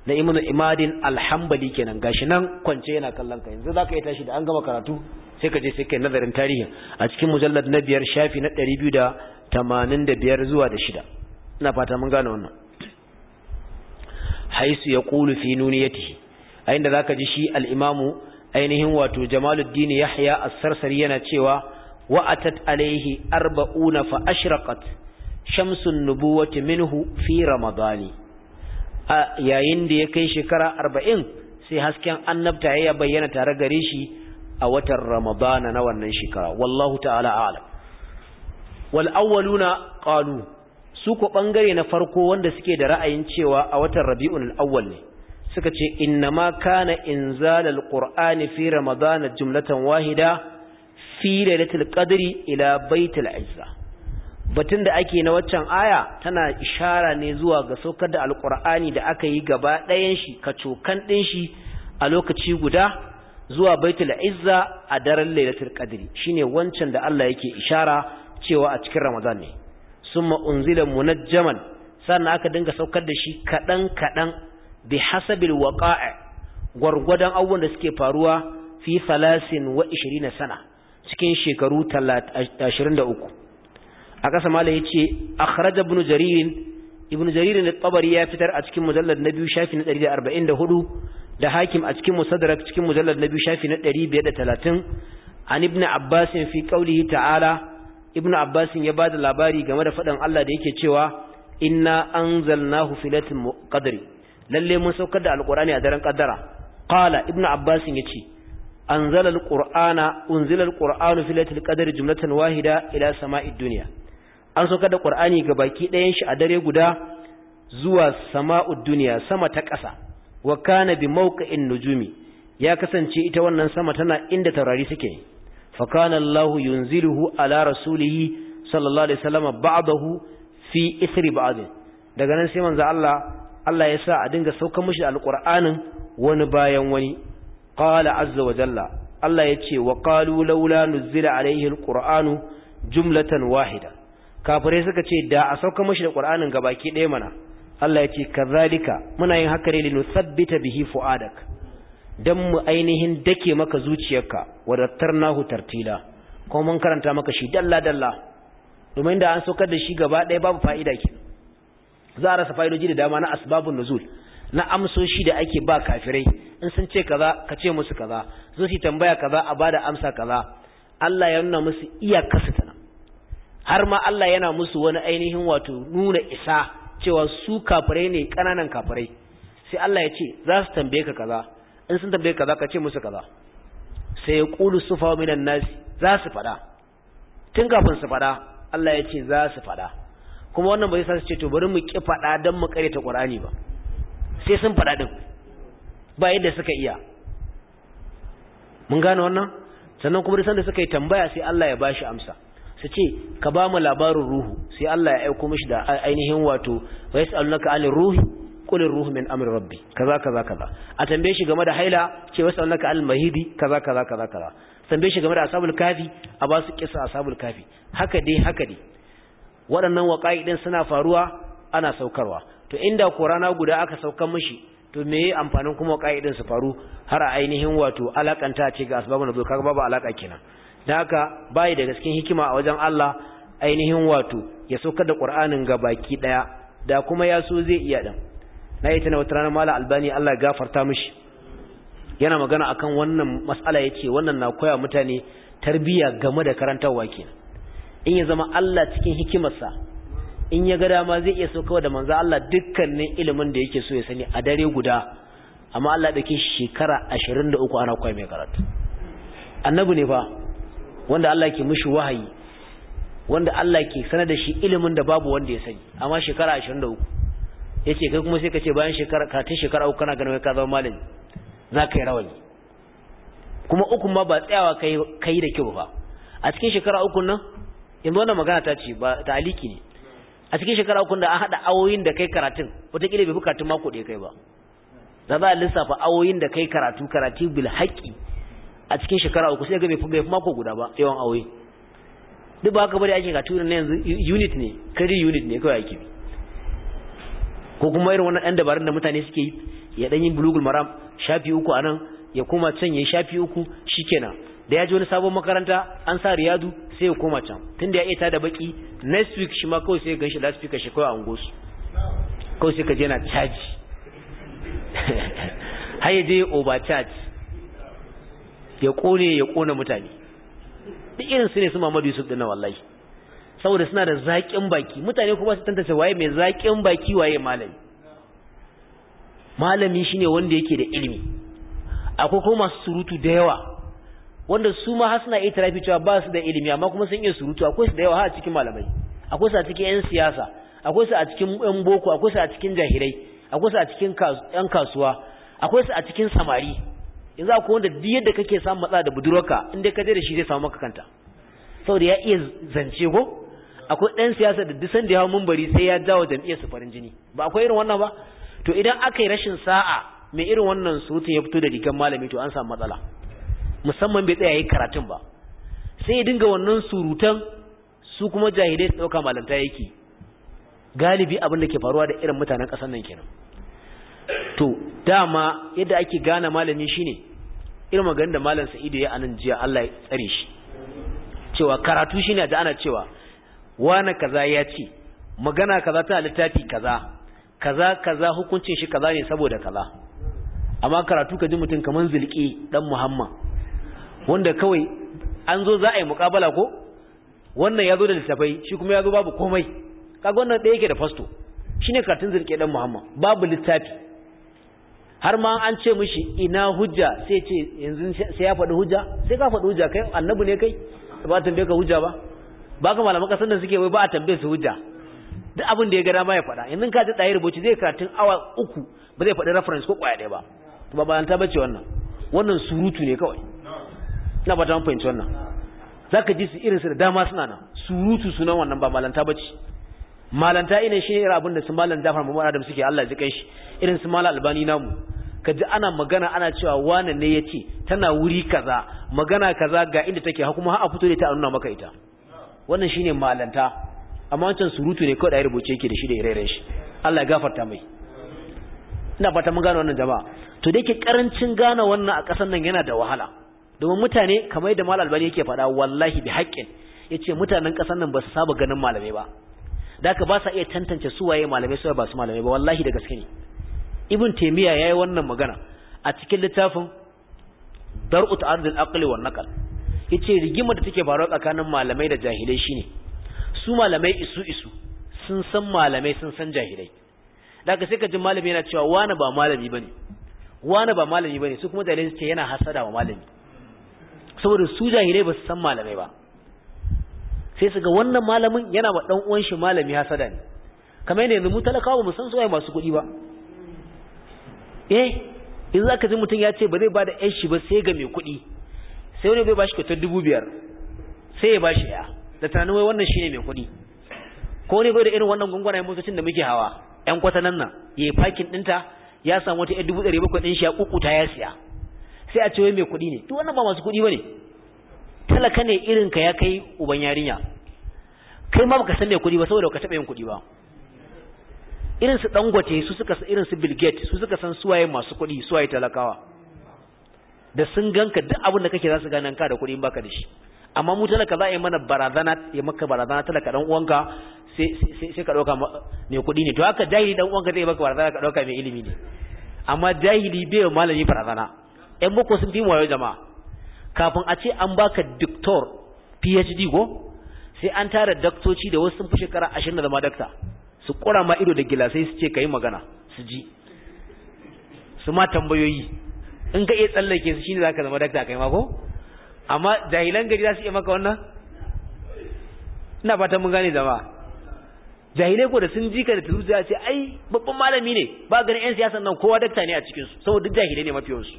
na imanu imadin alhambali kenan gashi nan kwance yana kallon ka yanzu zaka yi tashi da an gama karatu sai ka je sai kai nazarin tarihin a cikin mujallad na biyar shafi na 285 zuwa da shida ina fata mun gane wannan haisu ya ƙulu fi nuniyatihi a inda za ka ji shi al'imamu ainihin wato jamaluddin yahya a sarsari yana cewa wa'atat alaihi arba'una fa ashraqat shamsun nubuwati minhu fi ramadani a yayin da ya kai shekara arba'in sai hasken annabta ya bayyana tare gare shi a watan ramadana na wannan shekara wallahu ta'ala a'lam wal na qalu su ko bangare na farko wanda suke da ra'ayin cewa a watan rabi'un al'awwal ne suka ce ma kana inzalal qur'ani fi ramadana jumlatan wahida fi lailatul qadri ila baitil izza batun da ake na waccan aya tana ishara ne zuwa ga saukar da alqur'ani da aka yi gaba ɗayan shi kacokan ɗin shi a lokaci guda zuwa baitul izza a daren lailatul qadri shine wancan da Allah yake ishara cewa a cikin ramadan ne summa unzila munajjaman sannan aka dinga saukar da shi kaɗan. kadan bi hasabil waqa'i gwargwadon abubuwan da suke faruwa fi falasin wa 20 sana cikin shekaru ashirin da uku. a ƙasa mala yace akhraj ibn jaririn ibn Jaririn da tabari ya fitar a cikin mujallar na biyu shafi na 144 da arba'in da da hudu hakim a cikin musaddarak cikin mujallar na biyu shafi na biyar da talatin an ibn abbas fi qawlihi ta'ala ibnu abbas ya bada labari game da fadan Allah da yake cewa inna anzalnahu fi latin qadri lalle mun saukar da alqur'ani a daren qaddara qala ibnu abbas yace anzala alqur'ana unzila alqur'anu fi latin qadri jumlatan wahida ila sama'id dunya an saukar da qur'ani ga baki ɗayan shi a dare guda zuwa sama'uduniya dunya sama ta ƙasa wa kana bi mawqi'in nujumi ya kasance ita wannan sama tana inda taurari suke Fakanallahu kana Allahu yunziluhu ala rasulihi sallallahu alaihi wasallam ba'dahu fi ithri ba'd daga nan sai manzo Allah Allah ya sa a dinga sauka mishi alqur'anin wani bayan wani qala azza wa jalla Allah ya ce wa qalu laula nuzila alaihi alqur'anu jumlatan wahida kafirai suka ce da a sauka mishi da ga gabaki ɗaya mana Allah ya ce kazalika muna yin haka ne sabbita bihi fu'adak dan mu ainihin dake maka zuciyarka wa wadattarnahu tartila kuma mun karanta maka shi dalla dalla domin da an saukar da shi gaba ɗaya babu fa'ida ke za a rasa fa'idoji da dama na asbabun nuzul na amsoshi da ake ba kafirai in sun ce kaza ka ce musu kaza zo su tambaya kaza a bada amsa kaza Allah ya nuna musu iya su tana har ma Allah yana musu wani ainihin wato nuna isa cewa su kafirai ne kananan kafirai sai Allah ya ce za su tambaye ka kaza in sun tambaye kaza ka ce musu kaza sai ya qulu sufa minan nasi za su fada tun kafin su fada Allah ya ce za su fada kuma wannan bai sa su ce to bari mu ki fada dan mu kare ta Qur'ani ba sai sun fada din ba yadda suka iya mun gane wannan sannan kuma da suka yi tambaya sai Allah ya bashi amsa su ce ka ba mu labarin ruhu sai Allah ya aiko mishi da ainihin wato wa yas'alunaka 'anil ruhi Kulin ruhu min amir rabbi kaza kaza kaza a tambaye shi game da haila ce wasu annaka al-mahidi kaza kaza kaza kaza tambaye shi game da asabul kafi a ba su kisa asabul kafi haka dai haka dai waɗannan waƙa'i din suna faruwa ana saukarwa to inda ko rana guda aka saukar mishi to me yayi amfanin kuma waƙa'i din su faru har a ainihin wato alakanta ce ga asbabun nuzul kaga babu alaka kenan dan haka bai da gaskin hikima a wajen Allah ainihin wato ya saukar da Qur'anin ga baki daya da kuma ya so zai iya dan na yi tana wata ranar mala albani Allah gafarta mishi yana magana akan wannan matsala ya ce wannan na koya mutane tarbiyya game da karantarwa ke in ya zama Allah cikin hikimarsa in ya ga dama zai iya saukawa da manzo Allah dukkanin ilimin da yake so ya sani a dare guda amma Allah ke shekara 23 ana koya mai karatu annabi ne fa wanda Allah ke mishi wahayi wanda Allah ke sanar da shi ilimin da babu wanda ya sani amma shekara 23 yace kai kuma sai ka ce bayan shekara ka ta shekara uku kana ganin ka zama malami za ka yi rawani kuma uku ma ba tsayawa kai kai da kyau ba a cikin shekara uku nan yanzu wannan magana ta ce ba aliki ne a cikin shekara uku da an hada awoyin da kai karatun wataƙila bai fi karatun mako ɗaya kai ba da za a lissafa awoyin da kai karatu karatu bil haƙi a cikin shekara uku sai ga bai fi mako guda ba yawan awoyi duk ba haka bari ake tura na yanzu unit ne kari unit ne kawai ake bi ko kuma irin wannan ɗan dabarun da mutane suke yi ya ɗan yi bulugul maram shafi uku a nan ya koma can ya shafi uku shi kenan da ya ji wani sabon makaranta an sa riyadu sai ya koma can tunda ya iya da baki next week shi ma kawai sai ya ganshi last week shi kawai a gosu kawai sai ka je na caji har ya je caji ya kone ya kona mutane duk irin su ne su Muhammadu Yusuf na wallahi saboda suna da zaƙin baki mutane kuma su tantance waye mai zaƙin baki waye malami malami shine wanda yake da ilimi akwai kuma masu surutu da yawa wanda su ma har suna iya tarafi cewa ba su da ilimi amma kuma sun iya surutu akwai su da yawa har a cikin malamai akwai su a cikin 'yan siyasa akwai su a cikin 'yan boko akwai su a cikin jahirai, akwai su a cikin 'yan kasuwa akwai su a cikin samari yanzu akwai wanda duk yadda kake samu matsala da budurwarka inda ka je da shi zai samu maka kanta saboda ya iya zance ko akwai ɗan siyasa da dusan da ya hau mumbari sai ya jawo jam'iyyar su farin jini ba akwai irin wannan ba to idan aka yi rashin sa'a mai irin wannan surutun ya fito da rigar malami to an samu matsala musamman bai tsaya yi karatun ba sai ya dinga wannan surutan su kuma jahilai su ɗauka malanta yake galibi abin da ke faruwa da irin mutanen ƙasar nan kenan to dama yadda ake gane malami shine irin maganin da malam sa'idu ya anan jiya Allah ya tsare shi cewa karatu shine da ana cewa wani kaza ya ce magana kaza ta littafi kaza kaza kaza hukuncin shi kaza ne saboda kaza amma karatu ka ji mutum kamar zilki dan muhammad wanda kawai an zo za a yi mukabala ko wannan ya zo da littafai shi kuma ya zo babu komai kaga wannan ɗaya yake da fasto shine karatun zilki dan muhammad babu littafi har ma an ce mishi ina hujja sai ce yanzu sai ya faɗi hujja sai ka faɗi hujja kai annabi ne kai ba tambaye ka hujja ba ba ka malaman kasar da suke wai ba a tambaye su hujja duk abin da ya gara ma ya faɗa yanzu ka ji ɗaya rubuci zai karatun awa uku ba zai faɗi reference ko kwaya ɗaya ba to ba ta bace wannan wannan surutu ne kawai ina ba ta fahimci wannan za ka ji su irin su da dama suna nan surutu sunan wannan ba malanta bace malanta ina shi irin abin da su malam Jafar Muhammad Adam suke Allah ji kai shi irin su malan Albani namu ka ji ana magana ana cewa wane ne ya ce tana wuri kaza magana kaza ga inda take kuma ha a fito da ta nuna maka ita wannan shine malanta amma wancan surutu ne kawai da ya rubuce yake da shi da ire shi Allah ya gafarta mai ina fata mun gane wannan jama'a to da yake karancin gane wannan a kasan nan yana da wahala domin mutane kamar yadda mal albani yake faɗa wallahi bi haƙƙin yace mutanen ƙasar nan ba su saba ganin malamai ba da haka ba sa iya tantance su waye malamai su ba su malamai ba wallahi da gaske ne ibn taymiya yayi wannan magana a cikin littafin dar'u ta'arud al-aqli wan naql yace rigimar da take faruwa tsakanin malamai da jahilai shine su malamai isu isu sun san malamai sun san jahilai daga sai ka ji malami yana cewa wani ba malami bane wani ba malami bane su kuma jahilai suke yana hasada wa malami saboda su jahilai ba su san malamai ba sai su ga wannan malamin yana ba dan uwan shi malami hasada ne kamar yadda mu talakawa ba mu san su masu kuɗi ba eh idan zaka ji mutum ya ce ba zai bada ƴan shi ba sai ga mai kuɗi sai wani bai bashi kyautar dubu biyar sai ya bashi ya. da tunanin wai wannan shine mai kuɗi ko ne bai da irin wannan gunguna motocin da muke hawa Yan kwatanan nan ya yi fakin ɗinta ya samu wata ƴar dubu ɗari bakwai ɗin shi ya ƙuƙuta ya siya sai a ce wai mai kuɗi ne duk wannan ba masu kuɗi ba ne talaka ne irin ka ya kai uban yarinya kai ma baka san mai kuɗi ba saboda baka taɓa yin kuɗi ba irin su dangote su suka irin su bill gates su suka san suwaye masu kuɗi suwaye talakawa da sun ganka duk abin da kake za su gane ka da kuɗi baka da shi amma mu talaka za a yi mana barazana ya maka barazana talaka dan uwanka sai ka dauka ne kuɗi ne to haka jahili dan uwanka zai maka barazana ka dauka mai ilimi ne amma jahili bai malami barazana Yan boko sun fi mu wayo jama'a kafin a ce an baka doctor PhD go sai an tara daktoci da wasu sun fi shekara ashirin da zama dakta su kura ma ido da gilasai su ce ka yi magana su ji su ma tambayoyi in ka iya tsallake su shine zaka zama dakta kai ma ko amma jahilan gari za su iya maka wannan ina fatan mun gane jama'a jahilai ko da sun ji ka da tuzu ya ce ai babban malami ne ba ganin yan siyasa nan kowa dakta ne a cikin su saboda duk jahilai ne mafiyansu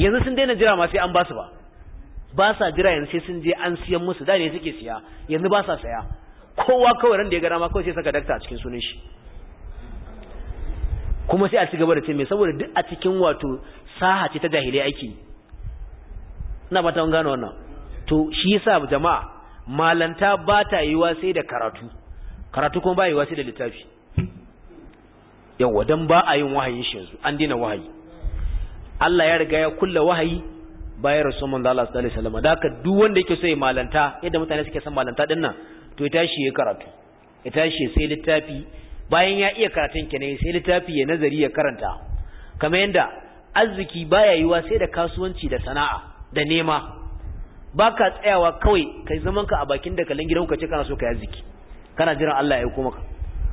yanzu sun daina jira ma sai an ba su ba ba sa jira yanzu sai sun je an siyan musu da ne suke siya yanzu ba sa saya kowa kawai ran da ya gara ma kawai sai saka dakta a cikin sunan shi kuma sai a ci gaba da ce mai saboda duk a cikin wato saha ce ta jahilai aiki ina ba ta gano wannan to shi yasa jama'a malanta ba ta yiwa sai da karatu karatu kuma ba yiwa sai da littafi yawa dan ba a yin wahayin shi yanzu an dina wahayi Allah ya riga ya kulla wahayi bayan rasul manzo Allah sallallahu alaihi wasallam da duk wanda yake so ya malanta yadda mutane suke son malanta din nan to ya tashi ya karatu ya tashi sai littafi bayan ya iya karatun kenan sai littafi ya nazari ya karanta kamar yadda arziki baya yiwa sai da kasuwanci da sana'a da nema baka tsayawa kawai kai zaman ka a bakin da kallon gidanku ce kana so kai arziki kana jiran Allah ya yi kuma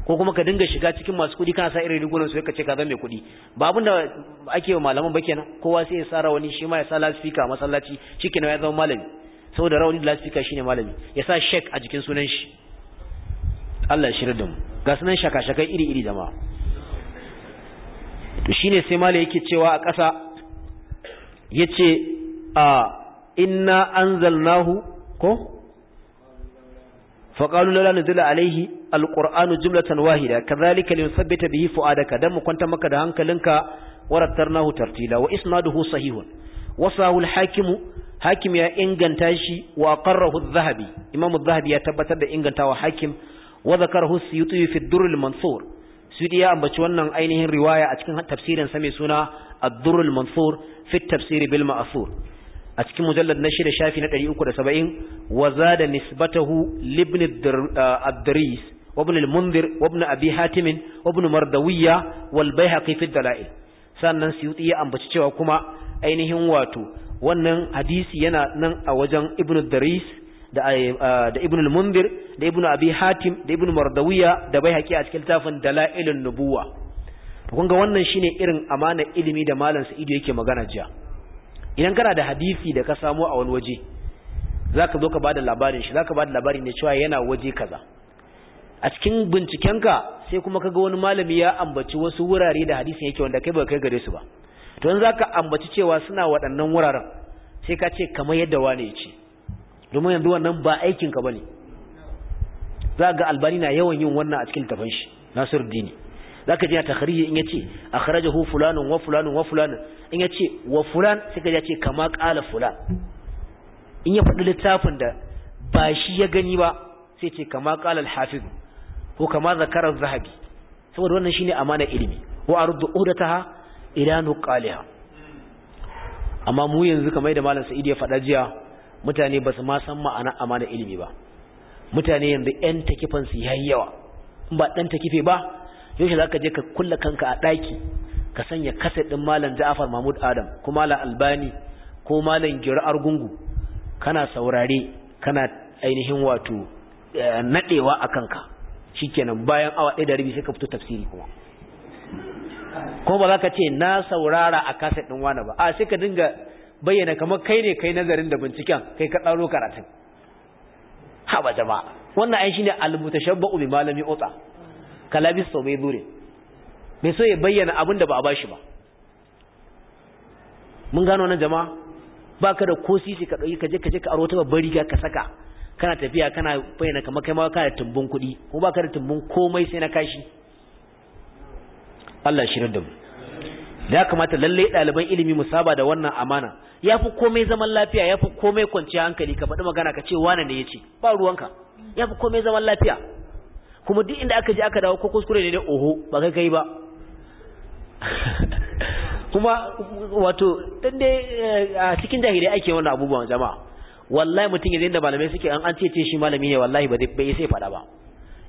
ko kuma ka dinga shiga cikin masu kuɗi kana sa irin rigunan su ka ce ka zame mai kuɗi ba abin da ake wa malaman ba kenan kowa sai ya sara wani shi ma ya sa lasfika a masallaci kenan ya zama malami saboda rawani da lasfika shine malami ya sa shek a jikin sunan shi Allah shirdin ga sunan shaka-shakai iri-iri da ma shi sai mala yake cewa a ƙasa ya ce a inna an ko faƙalun lalata na zula alaihi alƙur'anu jumlatan wahida ka zalika lin sabbata bihi fu'adaka don mu kwanta maka da hankalinka warattar nahu tartila wa isnaduhu sahihun wasahul hakimu hakim ya inganta shi wa qarrahu adh-dhahabi imamu adh ya tabbatar da ingantawa hakim wa zakarahu suyuti fi durrul mansur suyuti ya ambaci wannan ainihin riwaya a cikin tafsirin sa suna ad-durrul mansur fi tafsir bil ma'thur a cikin mujallar na shida shafi na 370 wa zada nisbatahu li ibn uh, ad-daris wa ibn al-mundhir wa ibn abi hatim mardawiyya wal bayhaqi fi dalail sannan suyuti ya ambaci cewa kuma ainihin wato wannan hadisi yana nan a wajen ibn daris da eh, eh, da ibn al da ibn abi hatim da ibn mardawiya da bai haƙi a cikin tafin dalailun nubuwa kun ga wannan shine irin amana ilimi da malam sa'idu yake magana jiya idan kana da hadisi da ka samu a wani waje zaka zo ka bada labarin shi zaka bada labarin ne cewa yana waje kaza a cikin ka sai kuma kaga wani malami ya ambaci wasu wurare da hadisin yake wanda kai ba kai gare su ba to zaka ambaci cewa suna waɗannan wuraren sai ka ce kamar yadda wani ya ce domin yanzu wannan ba aikin ka bane za ga albani na yawan yin wannan a cikin tafan shi nasir dini za ka ji a in yace akhrajahu fulanun wa fulanun wa fulanun in yace wa fulan sai ka ji kama qala fulan in ya faɗi littafin da ba shi ya gani ba sai ce kama qala al-hafiz ko kama zakarar zahabi saboda wannan shine amana ilimi wa ardu udataha ila nuqaliha amma mu yanzu kamar da malam saidu ya faɗa jiya mutane ba su ma san ma'ana amana ilimi ba mutane yanzu yan takifan su yayi yawa in ba dan takife ba yaushe ka je ka kulla kanka a ɗaki ka sanya kaset ɗin malam Ja'far Mahmud Adam ko malam Albani ko malam Gero Argungu kana saurare kana ainihin wato eh, nadewa a kanka shikenan bayan awa 1 da rabi sai ka fito tafsiri kuma ko ba za ka ce na saurara a kaset din wani ba a sai ka dinga bayyana kamar kai ne kai nazarin da binciken kai ka tsaro karatun haɓa jama'a wannan ai shine al-mutashabba'u bi malami otsa kalabis mai dure mai so ya bayyana abin da ba a bashi ba mun gano nan jama'a ba ka da ko sisi ka ɗauki kaje kaje ka aro ta babbar riga ka saka kana tafiya kana bayyana kamar kai ma ka da tumbun kuɗi ko ba ka da tumbun komai sai na kashi Allah shirin da mu ya kamata lalle ɗaliban ilimi mu saba da wannan amana ya fi komai zaman lafiya ya fi komai kwanciya hankali ka faɗi magana ka ce wane ne ya ce ba ruwanka ya fi komai zaman lafiya kuma duk inda aka je aka dawo ko kuskure ne da oho ba kai kai ba kuma wato dan dai eh, a cikin jahili ake wannan abubuwan jama'a wallahi mutum yanzu inda malamai suke an an ce ce shi malami ne wallahi ba bai sai faɗa ba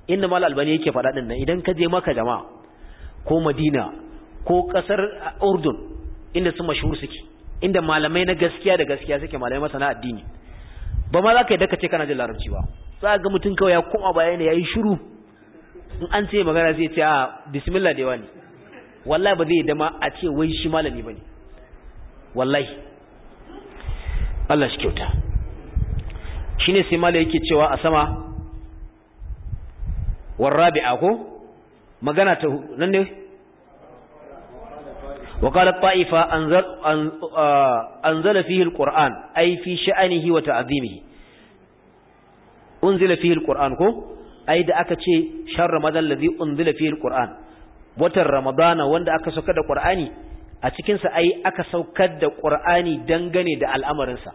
inda mal albani yake faɗa ɗin nan idan ka je maka jama'a ko madina ko kasar urdun inda su mashhur suke inda malamai na gaskiya da gaskiya suke malamai masana addini ba ma za ka yi ce kana jin larabci ba za ga mutum kawai ya koma baya ne ya yi shiru in an ce magana zai ce a ah, bismillah da yawa ne wallahi ba zai dama a ce wai shi malami ba ne wallahi Allah shi kyauta shi ne sai mala yake cewa a sama warrabi'a ko magana ta nan ne وقال الطائفة أنزل, أنزل فيه القرآن أي في شأنه وتعظيمه أنزل فيه القرآن كو أي دا أكتشي شهر رمضان الذي أنزل فيه القرآن وتر رمضان وان دا أكسوكد القرآن أتكنس أي أكسوكد القرآن دنغني دا الأمر انسا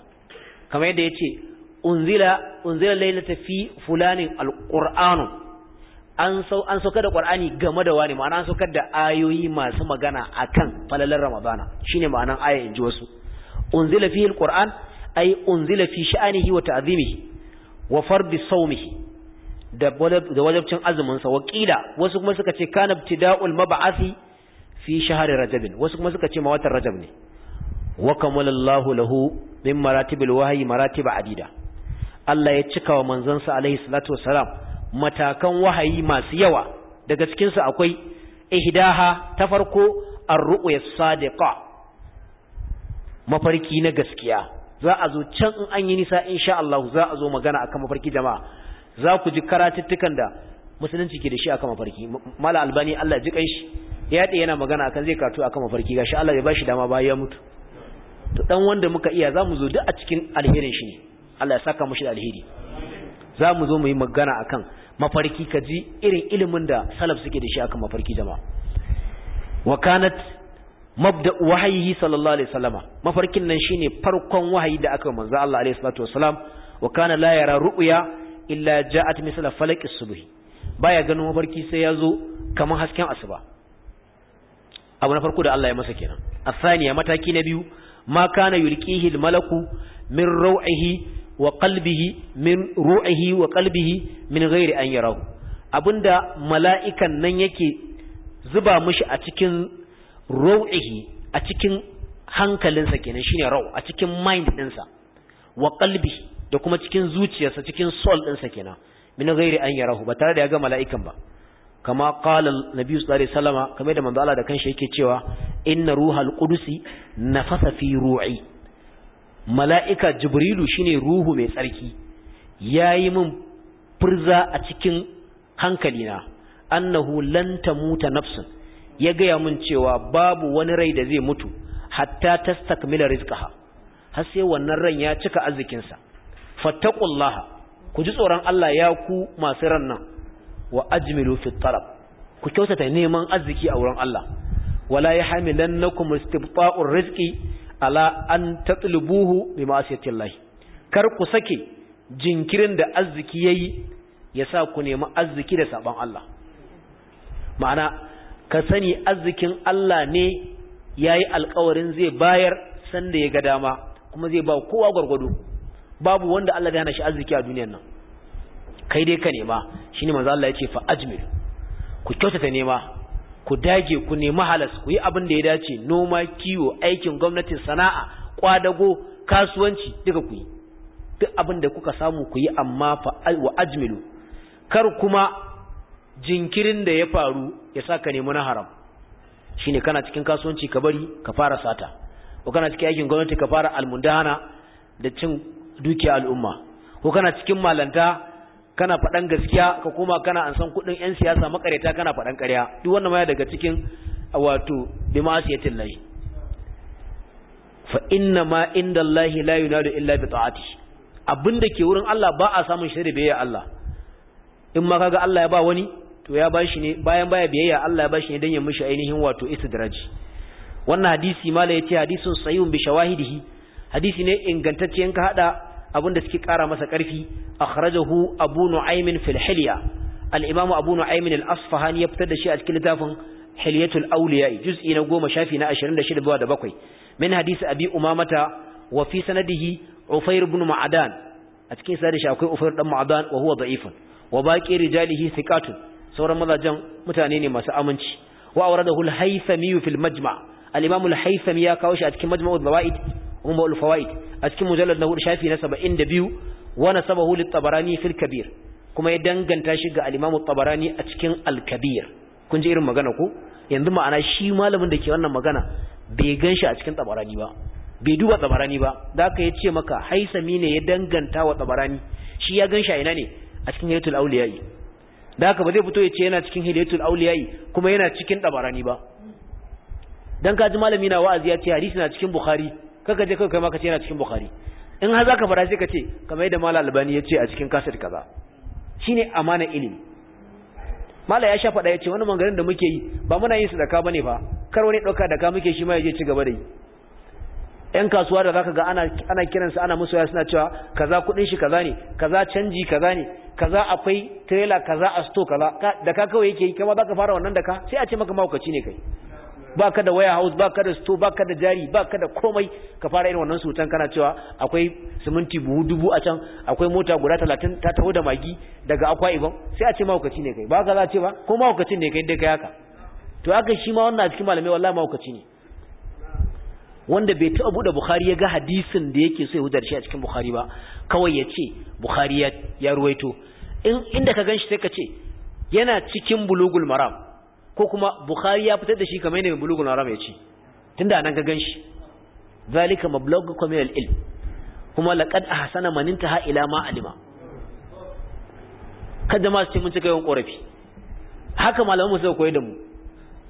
كما يدى يتشي أنزل, أنزل ليلة في فلان القرآن an sau an saukar da Qur'ani game da wani ma'ana an saukar da ayoyi masu magana akan falalar Ramadana shine ma'anan aya inji wasu unzila fihi alquran ay unzila fi sha'anihi wa ta'zimihi wa fardi sawmihi da da wajibcin azumin sa waqila wasu kuma suka ce kana ibtida'ul mab'asi fi shahr rajab wasu kuma suka ce ma watan rajab ne wa kamalallahu lahu min maratibil wahyi maratib adida Allah ya cika wa manzon sa alaihi salatu wassalam matakan wahayi masu yawa daga cikinsu akwai ihdaha ta farko ar-ru'ya sadiqa mafarki na gaskiya za a zo can in an yi nisa insha Allah za a zo magana akan mafarki jama'a za ku ji karatuttukan da musulunci ke da shi akan mafarki mala albani Allah ji kai shi ya da yana magana akan zai kato akan mafarki gashi Allah ya bashi dama ba ya mutu to dan wanda muka iya za mu zo duk a cikin alherin shi ne Allah ya saka shi da alheri za mu zo mu yi magana akan mafarki ka ji irin ilimin da salaf suke da shi akan mafarki jama'a wa kanat mabda wahayi sallallahu alaihi wasallama mafarkin nan shine farkon wahayi da aka manzo Allah alaihi salatu wasalam wa kana la yara ru'ya illa ja'at misla falaqis subh baya ganin mafarki sai ya zo kamar hasken asuba abu na farko da Allah ya masa kenan asaniya mataki na biyu ma kana yulqihi malaku min raw'ihi wa qalbihi min ru'ihi wa qalbihi min ghairi an yarahu abinda mala'ikan nan yake zuba mishi a cikin ru'ihi a cikin hankalinsa kenan shine rau a cikin mind dinsa wa da kuma cikin zuciyarsa cikin soul dinsa kenan min ghairi an yarahu ba tare da ya ga mala'ikan ba kama qala nabi sallallahu alaihi wasallama kamar da manzo Allah da kanshi yake cewa inna ruhal qudusi nafasa fi ru'i mala'ika jibrilu shine ruhu mai tsarki Ya yi min furza a cikin hankalina annahu lan muta nafsun ya gaya min cewa babu wani rai da zai mutu hatta ta tastakmila rizqaha har sai wannan ran ya cika arzikinsa fattaqullaha ku ji tsoron Allah ya ku masu ran nan wa ajmilu fi talab ku kyautata neman arziki a wurin Allah wala yahmilannakum istibta'ur rizqi ala an tatlubuhu bi Allah kar ku sake jinkirin da arziki yayi yasa ku nemi arziki da saban Allah ma'ana ka sani arzikin Allah ne yayi alƙawarin zai bayar sanda ya ga dama kuma zai ba kowa gwargwado babu wanda Allah ya hana shi arziki a duniyar nan kai dai ka nema shine manzo Allah ya ce fa ajmil ku kyautata nema ku dage ku nemi halas ku yi abin da ya dace noma kiwo aikin gwamnati sana'a kwadago kasuwanci duka ku yi duk abin da kuka samu ku yi amma wa ajmilu kar kuma jinkirin da ya faru ya sa ka nemi na haram shine kana cikin kasuwanci ka bari ka fara sata ko kana cikin aikin gwamnati ka fara almundana da cin dukiya al'umma ko kana cikin malanta kana faɗan gaskiya ka koma kana san kuɗin 'yan siyasa makareta kana faɗan ƙarya duk wannan ma daga cikin wato bi ma'asiyatin lahi fa inna ma inda Allahi la yunadu illa bi ta'ati abinda ke wurin Allah ba a samun shi da biyayya Allah in ma kaga Allah ya ba wani to ya ba shi ne bayan baya biyayya Allah ya ba shi ne don ya mishi ainihin wato istidraji wannan hadisi mala yace hadisin sahihun bi shawahidihi hadisi ne ingantacce in ka hada da suke kara masa karfi akhrajahu abu nu'aymin fil hilya al-imam abu nu'aymin al-asfahani ya fitar da shi a cikin littafin hiliyatul awliya juz'i na goma shafi na 26 zuwa da bakwai. min hadisi abi umamata wa fi sanadihi ufair ibn ma'adan a cikin sanadin shi akwai ufair dan ma'adan wa huwa da'ifun wa baqi rijalihi thiqatun sauran mazajen mutane ne masu aminci wa awradahu al-haythami fil majma' al-imam al-haythami ya kawo shi a cikin majma'ud zawaid umul fawaid a cikin mujallad na hudu shafi na 72 wa nasabahu lit tabarani fil kabir kuma ya danganta shi ga al-imamu a cikin al kun ji irin magana ko yanzu ma'ana shi malamin da ke wannan magana bai ganshi a cikin tabarani ba bai duba tabarani ba da ka yace maka haisami ne ya danganta wa tabarani shi ya ganshi a ina ne a cikin hayatul awliyai da haka ba zai fito ya ce yana cikin hidayatul auliyai kuma yana cikin dabarani ba dan kaji malami na wa'azi ya ce hadisi na cikin bukhari kaga je kai ma kace yana cikin bukhari in har zaka fara sai ka ce kamar yadda mala albani ya ce a cikin kaset kaza shine amana ilimi mala ya sha faɗa ya ce wani mangarin da muke yi ba muna yin su da ka bane fa kar wani dauka da ka muke shi ma ya je ci gaba da yi yan kasuwa da zaka ga ana ana kiran sa ana musu ya suna cewa kaza kuɗin shi kaza ne kaza canji kaza ne kaza akwai trailer kaza a store kaza da ka kawai yake yi kama zaka fara wannan da ka sai a ce maka mahaukaci ne kai Ba ka da waya house ka da store ka da jari Ba ka da komai ka fara irin wannan sutan kana cewa akwai siminti buhu dubu a can akwai mota guda talatin. ta taho da magi daga akwa iban sai a ce mahaukaci ne kai ba ka za a ce ba ko mahaukacin ne kai dai ka yaka to aka shi ma wannan a cikin malamai wallahi mahaukaci ne wanda bai taɓa buɗe Bukhari ya ga hadisin da yake so ya hudar shi a cikin Bukhari ba kawai ya ce Bukhari ya ruwaito inda ka ganshi sai ka ce yana cikin bulugul maram ko kuma bukhari ya fitar da shi kamar yadda bulugul haram ya ce tunda nan gan ganshi zalika mablaghukum kamar al'il ilm kuma laqad ahsana man intaha ila ma alima kada ma su ce mun cika yawan korafi haka malaman musu suka koyi da mu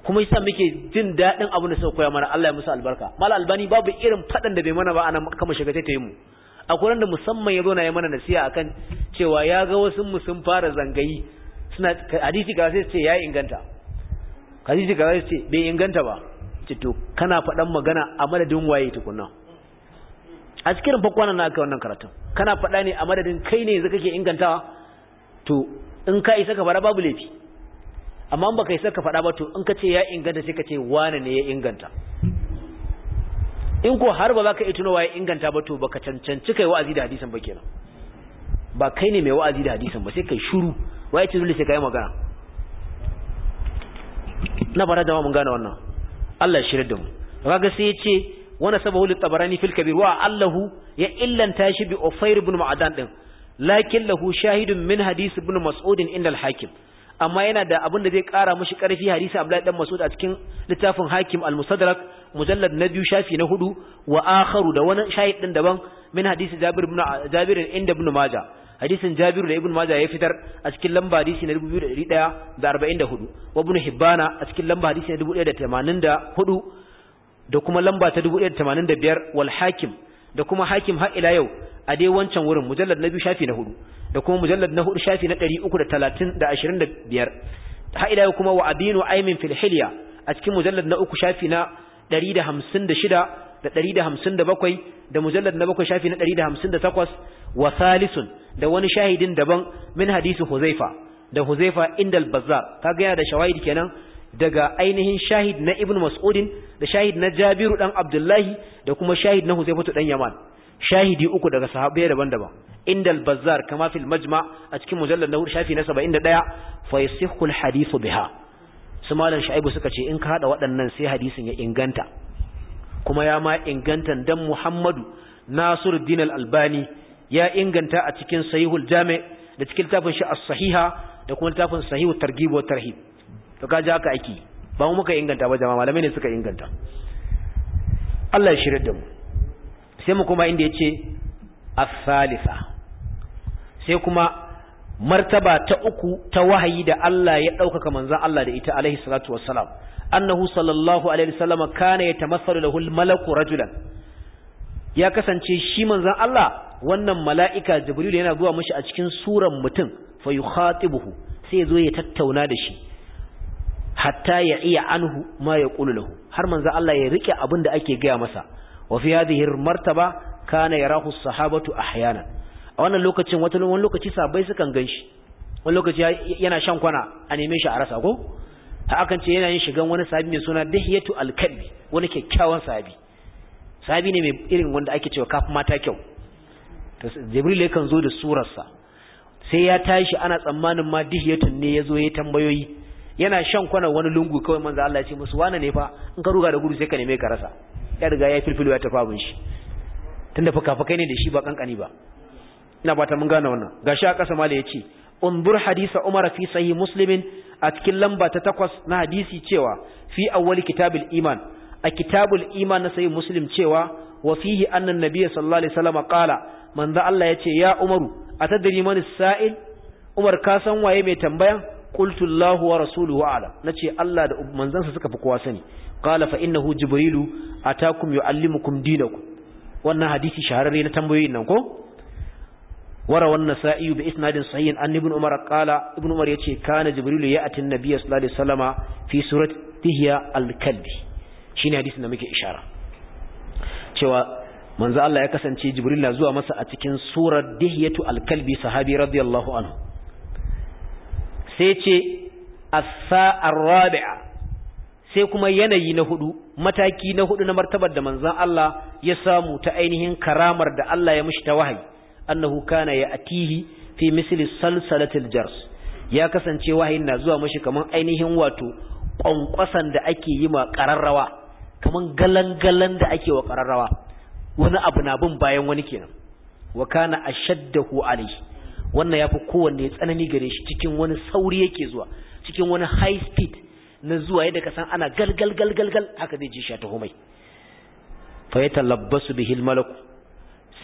kuma yasa muke jin daɗin abin da suka koya mana Allah ya musu albarka mal albani babu irin fadan da bai mana ba anan kama shiga ta yi mu akwai da musamman ya zo na yi mana nasiha akan cewa ya ga wasu mu sun fara zangayi suna hadisi ga sai ce ya inganta ka kaza ce bai inganta ba ce to kana faɗan magana a madadin waye tukunna a cikin fa kwanan na aka wannan karatun kana faɗa ne a madadin kai ne yanzu kake ingantawa to in ka isa ka faɗa babu laifi amma baka isa ka faɗa ba to in ka ce ya inganta sai ka ce wane ne ya inganta in ko har ba za ka iya waye ya inganta ba to baka cancanci kai wa'azi da hadisin ba kenan ba kai ne mai wa'azi da hadisin ba sai kai shiru waye ce dole sai kai magana na bara jama'a mun gane wannan Allah ya shirye da mu kaga sai yace wa nasabahu lit fil kabir wa allahu ya illanta shi bi ufair ibn ma'adan din lakin lahu shahidun min hadisi ibn mas'ud inda al-hakim amma yana da abin da zai kara mishi karfi hadisi Abdullahi dan Mas'ud a cikin littafin Hakim al-Musaddarak mujallad na biyu shafi na hudu wa akharu da wani shahid din daban min hadisi Jabir ibn Jabir inda ibn Majah hadisin Jabiru da Ibn Majah ya fitar a cikin lamba hadisi na 2144 wa Ibn Hibbana a cikin lamba hadisi na 1084 da kuma lamba ta 1085 wal Hakim da kuma Hakim har ila yau a dai wancan wurin mujallad na biyu shafi na hudu da kuma mujallad na hudu shafi na 325 har ila yau kuma wa Abinu Aimin fil Hilya a cikin mujallad na uku shafi na 156 da 157 da mujallad na bakwai shafi na 158 wa salisun da wani shahidin daban min hadisi huzaifa da huzaifa indal bazzar kaga yana da shawahid kenan daga ainihin shahid na ibnu mas'udin da shahid na jabiru dan abdullahi da kuma shahid na huzaifatu dan yaman shahidi uku daga sahabbai daban-daban indal bazzar kama fil majma a cikin mujallad na shafi na 71 fa yasihhu al hadithu biha su malam shaibu suka ce in ka hada waɗannan sai hadisin ya inganta kuma ya ma inganta dan Muhammadu Nasiruddin Al-Albani ya inganta a cikin Sahihul Jami' da cikin littafin shi As-Sahiha da kuma littafin Sahihu Targhib wa Tarhib to kaji haka aiki ba mu muka inganta ba jama'a malamai ne suka inganta Allah ya shirye da mu sai mu kuma inda yace as-salisa sai kuma martaba ta uku ta wahayi da Allah ya ɗaukaka manzan Allah da ita alaihi salatu wassalam annahu sallallahu alaihi wasallam kana yatamassalu lahu malaku rajulan ya kasance shi manzon Allah wannan mala'ika jibril yana zuwa mishi a cikin suran mutum fa yukhatibuhu sai yazo ya tattauna da shi hatta ya iya anhu ma ya qulu lahu har manzon Allah ya rike abin da ake gaya masa wa fi hadhihi martaba kana yarahu sahabatu ahyana a wannan lokacin wata wani lokaci sabai sukan ganshi wani lokaci yana shan kwana a neme shi a rasa ko ha akan ce yana yin shigan wani sahabi mai suna dahiyatu alkalbi wani kyakkyawan sahabi sahabi ne mai irin wanda ake cewa kafin mata kyau to jibril yakan zo da surarsa sai ya tashi ana tsammanin ma dihiyatun ne ya zo ya tambayoyi yana shan kwana wani lungu kawai manzo Allah ya ce musu wane ne fa in ka ruga da gudu sai ka neme ka rasa ya riga ya filfilo ya tafi abin shi tunda fuka-fukai ne da shi ba kankani ba ina ba mun gane wannan gashi a kasa mala ya ce undur hadisa umar fi sahih muslimin a cikin lamba ta takwas na hadisi cewa fi awwal kitabul iman a kitabul iman na sahih muslim cewa wasihi fihi anna an-nabiy sallallahu alaihi wasallam qala manzo Allah yace ya umaru atadri man sa'il umar ka san waye mai tambaya qultu Allah wa rasuluhu a'lam nace Allah da manzansa suka fi kowa sani qala fa innahu jibrilu atakum yuallimukum dinakum wannan hadisi shahararre na tambayoyin nan ko وروى النسائي بإسناد صحيح أن ابن عمر قال ابن عمر يتي كان جبريل يأتي النبي صلى الله عليه وسلم في سورة تهيا الكلب شين حديثنا مكي إشارة شوى منذ الله يكسن شي جبريل زوى مسا أتكين سورة دهية الكلب صحابي رضي الله عنه سيتي الساعة الرابعة sai kuma yanayi na hudu mataki na hudu na martabar da manzon Allah ya samu ta ainihin karamar da Allah ya mishi ta wahayi annahu kana ya'tihi fi misli salsalatil jars ya kasance wahayin na zuwa mashi kaman ainihin wato ƙwanƙwasan da ake yi ma kararrawa kamar galan-galan da ake wa kararrawa wani abu na bin bayan wani kenan wa kana ashaddahu alayhi wannan fi kowanne tsanani gare shi cikin wani sauri yake zuwa cikin wani high na zuwa yadda ka san ana galgal galgal gal haka zai ji shi ta homai fa ya talabbasu bihi malaku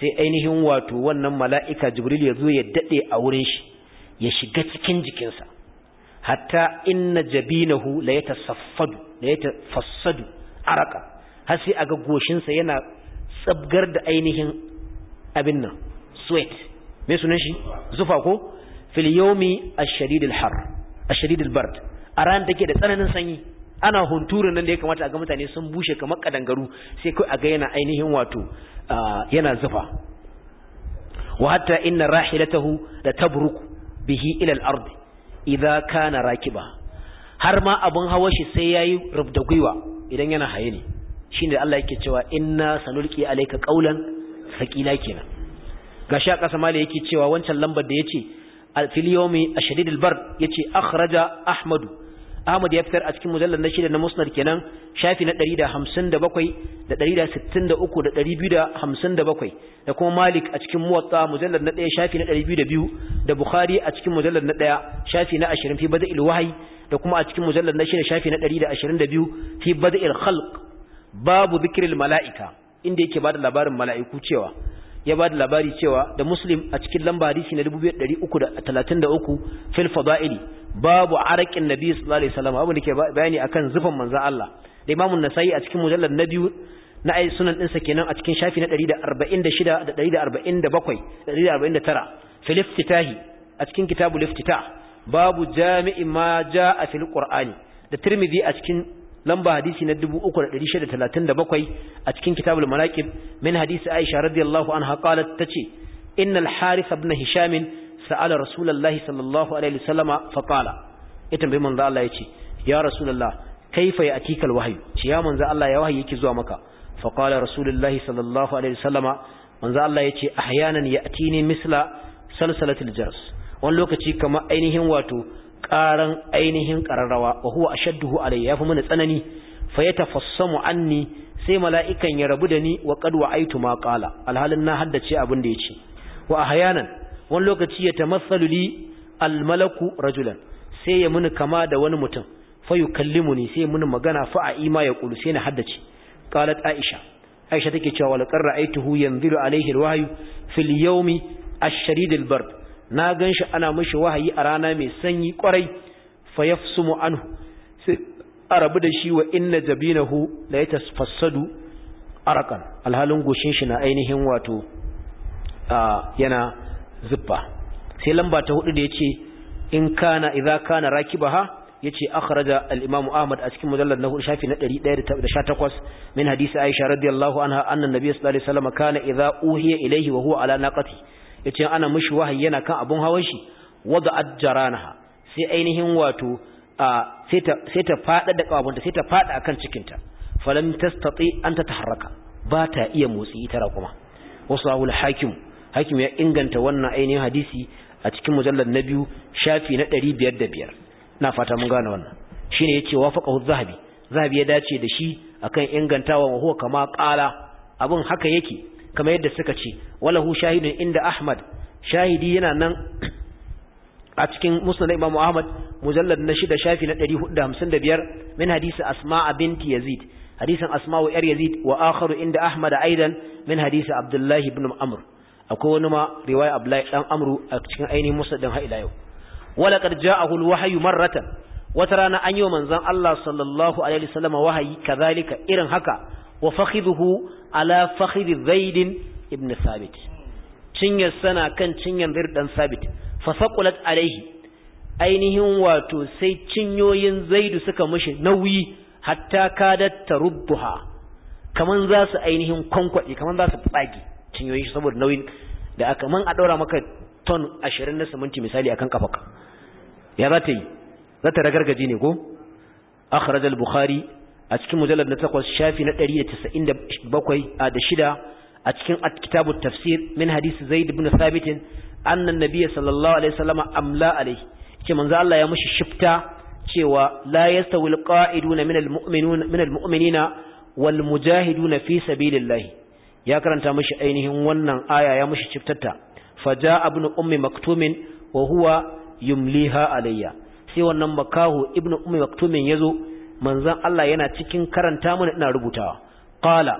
sai ainihin wato wannan mala'ika jibril ya zo ya daɗe a wurin shi ya shiga cikin jikinsa hatta inna jabinahu la yatasaffadu la tafassadu araka har sai aga goshinsa yana tsabgar da ainihin abin nan sweat me sunan shi zufa ko fil yawmi ash-shadid al-har ash-shadid bard a take da tsananin sanyi ana hunturin nan da ya kamata a ga mutane sun bushe kamar kadangaru sai kai a ga yana ainihin wato yana zufa wa hatta inna rahilatahu la tabruk bihi ila al-ard idza kana rakiba har ma abun hawa shi sai yayi rubda gwiwa idan yana haye ne shine Allah yake cewa inna sanulqi alayka qawlan saqila kenan gashi a kasa mali yake cewa wancan lambar da yace al-fil yawmi ashadidul bard yace akhraja ahmadu Ahmad ya fitar a cikin mujallar na shida na Musnad kenan shafi na 157 da 163 da 257 da kuma Malik a cikin Muwatta mujallar na 1 shafi na 202 da Bukhari a cikin mujallar na 1 shafi na 20 fi Bada'il Wahyi da kuma a cikin mujallar na shida shafi na 122 fi Bada'il Khalq babu dhikril mala'ika inda yake bada labarin mala'iku cewa ya ba da labari cewa da muslim a cikin lamba hadisi na 2333 fil fada'ili babu arakin nabi sallallahu alaihi wasallam abu da ke bayani akan zufan manzo Allah da imamun nasai a cikin mujallar na biyu na ai sunan ɗinsa kenan a cikin shafi na 146 da 147 149 filif titahi a cikin kitabu liftita babu jami'in ma jaa fil qur'ani da tirmidhi a cikin lamba hadisi na 3637 a cikin kitabul manaqib min hadisi aisha radiyallahu anha qalat tace innal harith ibn hisham sa'ala Rasulallah sallallahu alaihi sallama fa ya tambayi manzo Allah ce. ya Rasulallah, kaifa ya'tikal wahyu ci ya manzo Allah ya wahayi yake zuwa maka Faƙala Rasulallah sallallahu alaihi sallama. manzo Allah yace ahyanan ya'tini misla salsalatil jars wani lokaci kama ainihin wato ƙaran ainihin ƙararrawa wa huwa ashadduhu alayya yafi mana tsanani fa yatafassamu anni sai mala'ikan ya rabu da ni wa qad ma qala alhalin na haddace abin da yace wa hayanan. wani lokaci ya tamassalu li almalaku rajulan sai ya muni kama da wani mutum fa ne, sai muni magana fa a ima ya kulu sai na haddace qalat aisha aisha take cewa wal qarra aituhu yanzilu alaihi alwahyu fil yawmi ash-sharid albard na ganshi ana mishi wahayi a rana mai sanyi kwarai fa yafsumu anhu sai arabu da shi wa inna jabinahu la yatasfassadu arakan alhalin goshin shi na ainihin wato yana zuffa sai lamba ta hudu da yace in kana idza kana rakibaha yace akhraja al-imam ahmad a cikin mujallad na hudu shafi na 118 min hadisi aisha radiyallahu anha anna nabiy sallallahu alaihi wasallam kana idza uhiya ilayhi wa huwa ala naqati yace ana mishi wahayi yana kan abun hawan shi wada ajjaranaha sai ainihin wato sai ta sai ta fada da kawabunta sai ta fada akan cikinta falam tastati an tataharraka ba ta iya motsi ita ra kuma wasu hakim hakim ya inganta wannan ainihin hadisi a cikin mujallar na biyu shafi na ɗari biyar da biyar na fata mun gane wannan Shi ne shine yace wafaqahu zahabi zahabi ya dace da shi akan ingantawa wa huwa kama qala abin haka yake kama yadda suka ce walahu shahidin inda ahmad shahidi yana nan a cikin musnad imamu ahmad mujallad na shida shafi na ɗari hudu da da hamsin biyar min hadisi asma binti yazid hadisin asma wa yar yazid wa akharu inda ahmad aidan min hadisi abdullahi ibn amr akwai wani ma riwaya Abdullahi dan Amru a cikin ainihin musaddin har ila yau wala qad ja'ahu al-wahyu marratan wata rana an yi wa manzon Allah sallallahu alaihi wasallam wahayi kazalika irin haka wa fakhiduhu ala fakhidi Zaid ibn Thabit cinyar sana kan cinyar Zaid dan Thabit fa saqulat alaihi ainihin wato sai cinyoyin Zaidu suka mushi nauyi hatta kadat tarubbuha kaman za su ainihin kwankwade kaman za su tsage cinyoyin shi saboda nauyin da aka man a ɗaura maka ton ashirin na siminti misali akan kafaka ya za ta yi za ta ragargaje ne ko akhraj al-bukhari a cikin mujallar na takwas shafi na 197 a da shida a cikin kitabut tafsir min hadisi zaid ibn thabit anna nabiyya sallallahu alaihi wasallam amla alaihi ce manzo Allah ya mushi shifta cewa la yastawi qaiduna min al-mu'minuna min al-mu'minina wal mujahiduna fi sabilillahi ya karanta mashi ainihin wannan aya ya mishi ciftatta faja abnu ummi maktumin wa huwa yumliha alayya sai wannan makahu ibnu ummi maktumin yazo manzon Allah yana cikin karanta mana ina rubutawa qala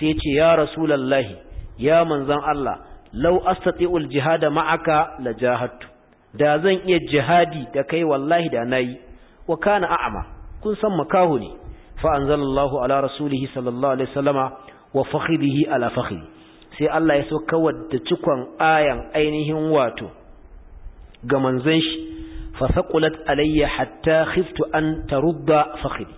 sai yace ya rasulullahi ya manzon Allah law astati'ul jihada ma'aka la jahadtu da zan iya jihadi da kai wallahi da nayi wa kana a'ama kun san makahu ne fa anzalallahu ala rasulihi sallallahu alaihi wasallama wa fakhidhihi ala fakhi sai Allah ya so kawar da cikon ayan ainihin wato ga manzon shi fa saqulat alayya hatta khiftu an tarudda fakhidi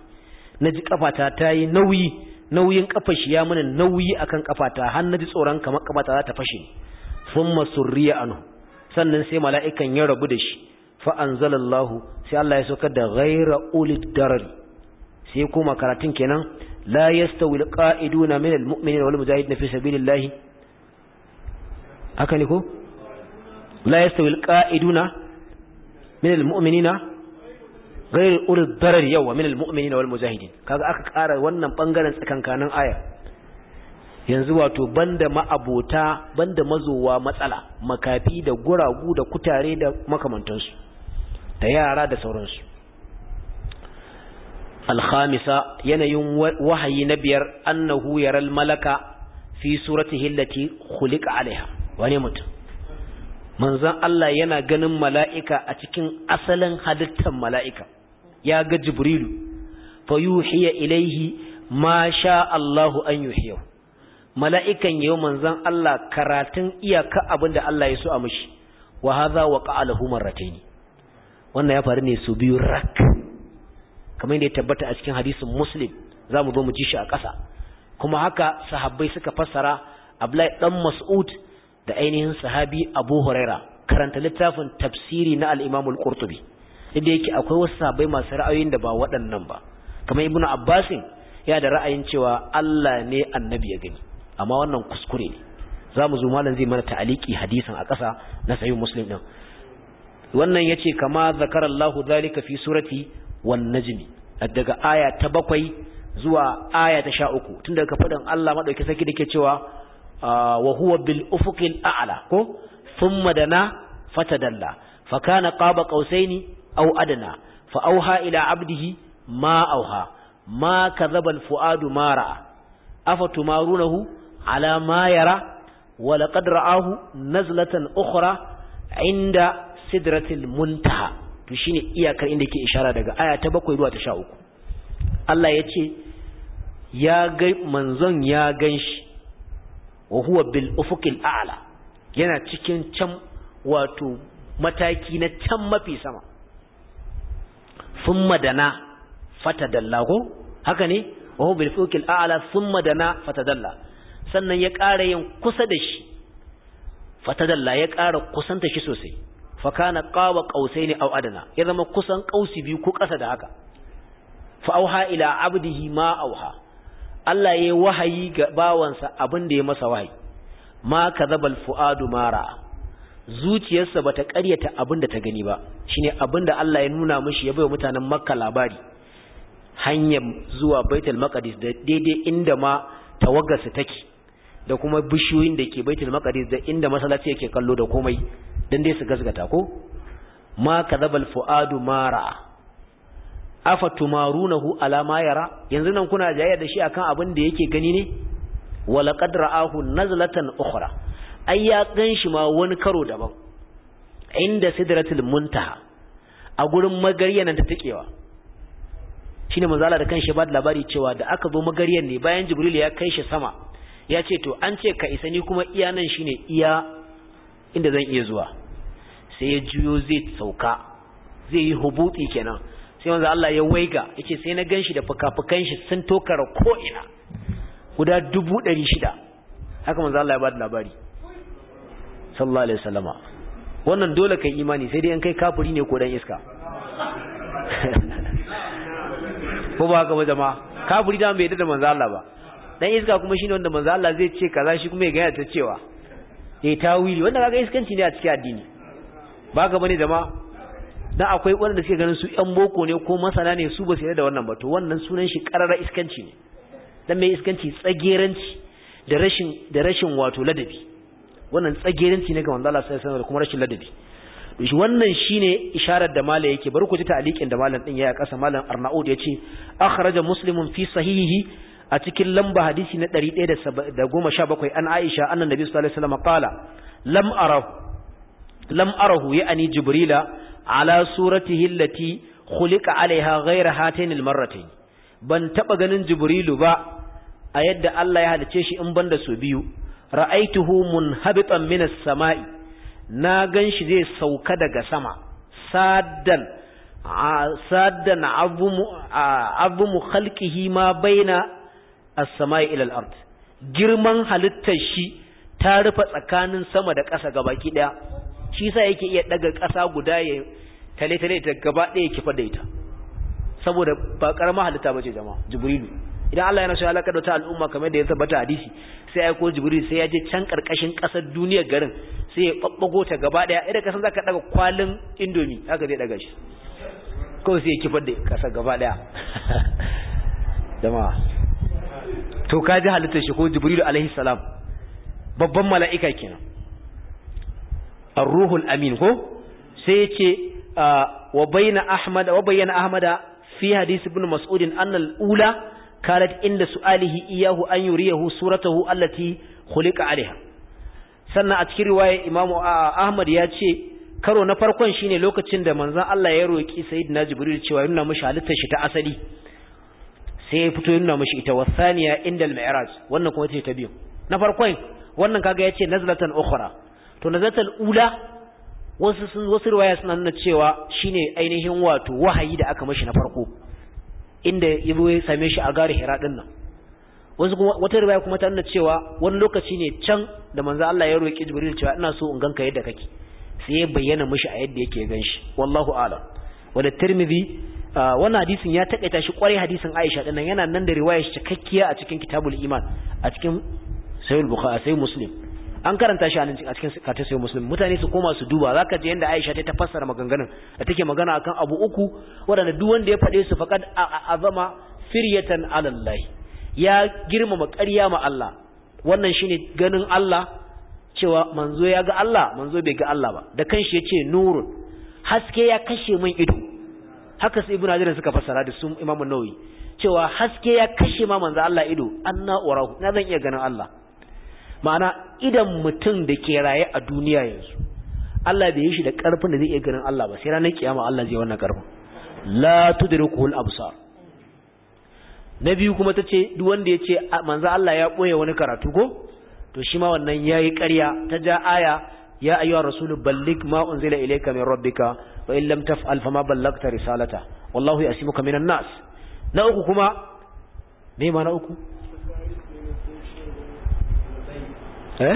naji kafata tayi nauyi nauyin kafar shi ya mana nauyi akan kafata har naji tsoron kamar kafata za ta fashe thumma surriya anhu sannan sai mala'ikan ya rabu da shi fa anzalallahu sai Allah ya saukar da ghaira ulid darar sai kuma karatun kenan لا يستوي القائدون من المؤمنين والمجاهدين في سبيل الله هكا هكذا لا يستوي القائدون من المؤمنين غير أولي الضرر يوم من المؤمنين والمجاهدين kaga aka ƙara wannan bangaren tsakankanin aya yanzu wato banda ma'abota banda mazowa matsala makafi da guragu da kutare da makamantansu da yara da sauransu alhamisa yanayin wahayi na biyar annahu yaral malaka fi suratihi hillati khuliqa alaiha Wani mutum manzon Allah yana ganin mala'ika a cikin asalin halittar mala'ika ya ga jibrilu fa yuhiya ilaihi ma sha Allahu an yuhiya mala'ikan yau manzan Allah karatun iyaka abin da Allah ya so a mishi wa haza wa ƙa'ala humar wannan ya faru ne su biyu rak kamar yadda ya tabbata a cikin hadisin muslim za mu zo mu ji shi a ƙasa kuma haka sahabbai suka fassara abdullahi dan mas'ud da ainihin sahabi abu huraira karanta littafin tafsiri na alimamul imam al-qurtubi inda yake akwai wasu sahabbai masu ra'ayoyin da ba waɗannan ba kamar ibnu abbasin ya da ra'ayin cewa Allah ne annabi ya gani amma wannan kuskure ne za mu zo malam zai mana ta'aliki hadisin a ƙasa na sahih muslim din wannan yace kama zakarallahu zalika fi surati wan najmi daga aya ta bakwai zuwa aya ta sha uku tun daga faɗin Allah maɗauki sarki da ke cewa ah, wa huwa bil ufuqil a'la ko thumma dana fatadalla fa kana qaba qausaini aw adna fa auha ila abdihi ma auha ma kadhaba al fuadu ma ra'a afatumarunahu ala ma yara wa laqad ra'ahu nazlatan ukhra inda sidratil muntaha to shine iyakar inda yake ishara daga aya ta bakwai zuwa ta sha Allah ya ce ya ga manzon ya ganshi. shi wa huwa bil ufuqil a'la yana cikin can wato mataki na can mafi sama thumma dana fatadallahu haka ne wa huwa bil ufuqil a'la thumma dana fatadalla sannan ya ƙara yin kusa da shi fatadalla ya ƙara kusanta shi sosai fa kana qawa qausaini aw adana ya zama kusan kausi biyu ko kasa da haka fa auha ila abdihi ma auha Allah yayi wahayi ga bawansa abin da ya masa wahayi ma kadhabal fuadu mara zuciyarsa bata ƙaryata abin da ta gani ba shine abin da Allah ya nuna mishi ya baiwa mutanen Makka labari hanyar zuwa Baitul Maqdis da daidai inda ma tawagarsa take da kuma bishiyoyin da ke Baitul Maqdis da inda masallaci yake kallo da komai dan dai su gasgata ko ma zabal fuadu mara afatumarunahu ala ma yara yanzu nan kuna jayya da shi akan abin da yake gani ne wala qad ra'ahu nazlatan ukhra ai ya ganshi ma wani karo daban inda sidratul muntaha a gurin magaryanan ta tikewa shine manzala da kanshi ba da labari cewa da aka zo magaryan ne bayan jibril ya kai shi sama ya ce to an ce ka isa ni kuma iya nan shine iya inda zan iya zuwa sai ya juyo zai sauka zai yi hubuti kenan sai wanzu Allah ya waiga ce sai na ganshi da fukafukan shi sun tokara guda dubu ɗari shida haka wanzu Allah ya da labari sallallahu alaihi wasallama wannan dole kai imani sai dai an kai kafiri ne ko dan iska ko ba haka ba jama'a kafiri da bai da manzo Allah ba dan iska kuma shine wanda manzo Allah zai ce kaza shi kuma ya gaya ta cewa yayi tawili wanda kaga iskanci ne a cikin addini ba ga bane jama'a dan akwai wanda suke ganin su ƴan boko ne ko masana ne su ba su da wannan ba to wannan sunan shi karara iskanci ne dan mai iskanci tsageranci da rashin da rashin wato ladabi wannan tsageranci ne ga manzo Allah sallallahu alaihi kuma rashin ladabi shi wannan shine isharar da malam yake bari ku ji ta'liqin da malam din yayi a ƙasa malam Arnaud yace akhraja muslimun fi sahihihi a cikin lamba hadisi na 117 an Aisha annan nabi sallallahu alaihi wasallam qala lam arahu lam arahu ya'ani jibrila ala suratihi hillati khuliqa alaiha ghayra hatayn almarratayn ban taba ganin jibrilu ba a yadda Allah ya halice shi in banda su biyu ra'aituhu munhabitan minas sama'i na gan shi zai sauka daga sama saddan saddan mu khalqihi ma baina as-sama'i ila al-ard girman halittar shi ta rufe tsakanin sama da ƙasa gabaki daya shi sa yake iya daga ƙasa guda ya tale tale ta gaba ɗaya kifa da ita saboda ba karamar halitta bace jama'a jibrilu idan Allah yana so ya alaka da ta al'umma kamar da ya tabbata hadisi sai ya ko jibrilu sai ya je can karkashin ƙasar duniyar garin sai ya babbago ta gaba ɗaya idan kasan zaka daga kwalin indomi haka zai daga shi ko sai ya kifar da ƙasa gaba ɗaya jama'a to kaji halittar shi ko jibrilu alaihi salam babban mala'ika kenan ar-ruhul amin ko sai yace ah, wa bayna ahmad wa bayyana ahmad fi hadith ibn mas'ud anna al-ula kalat inda su'alihi iyahu an yuriyahu suratahu allati khuliqa alaiha sannan a cikin riwaya imamu ah, ahmad ya ce karo na farkon shine lokacin da manzon Allah ya roki sayyidina jibril cewa yana mishi halittar shi ta asali sai ya fito yana mishi ita wasaniya inda al-mi'raj wannan kuma ce ta biyu na farkon wannan kaga yace nazlatan ukhra to nazatul ula wasu sun wasu riwaya suna nuna cewa shine ainihin wato wahayi da aka mashi na farko inda yazo ya same shi a gari hira dinnan nan wata riwaya kuma ta nuna cewa wani lokaci ne can da manzo Allah ya roki Jibril cewa ina so in ganka yadda kake sai ya bayyana mishi a yadda yake shi wallahu a'lam wala tirmidhi wannan hadisin ya takaita shi kwarai hadisin Aisha dinnan yana nan da riwaya shi cikakkiya a cikin kitabul iman a cikin sahih bukhari sahih muslim an karanta shi a cikin katin sayo musulmi mutane su koma su duba za ka ji yadda aisha ta fassara maganganun da take magana akan abu uku waɗanda duk wanda ya fade su faƙad a azama firyatan alallahi ya girmama ƙarya ma Allah wannan shine ganin Allah cewa manzo ya ga Allah manzo bai ga Allah ba da kanshi ya ce nurun haske ya kashe min ido haka su ibnu hajar suka fassara da su imamu nawawi cewa haske ya kashe ma manzo Allah ido anna urahu na zan iya ganin Allah ma'ana idan mutum da ke raye a duniya yanzu Allah bai yi shi da karfin da zai iya ganin Allah ba sai ranar kiyama Allah zai wannan karfin la tudrikul absar na biyu kuma tace duk wanda ya ce manzo Allah ya koye wani karatu ko to shi ma wannan yayi ƙarya ta ja aya ya ayyuhar rasulu ballig ma unzila ilayka min rabbika wa in lam taf'al fama ballagta risalata wallahu yasimuka minan nas na uku kuma me ma na uku Eh?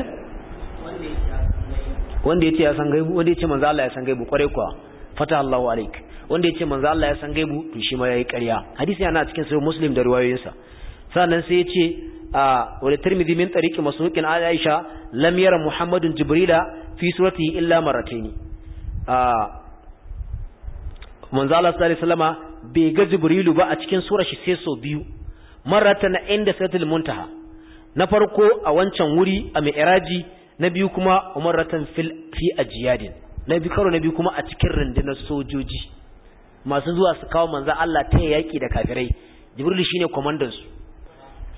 wanda ya ce ya san gaibu wanda ce manzo Allah ya san gaibu kware kuwa fata Allahu alaik wanda ce manzo Allah ya san gaibu to shi ma yayi ƙarya hadisi yana cikin sahih muslim da riwayoyinsa sannan sai ce a wani tirmidhi min tariqi masruqin aisha lam yara muhammadun jibrila fi suratihi illa marrataini a manzo Allah sallallahu alaihi wasallama bai ga jibrilu ba a cikin surar shi sai so biyu marratan inda suratul muntaha na farko a wancan wuri a mi'raji na biyu kuma umaratan fil fi ajiyadin na biyu karo na biyu kuma a cikin rundunar sojoji masu zuwa su kawo manzo Allah ta yaki da kafirai jibril shine commander su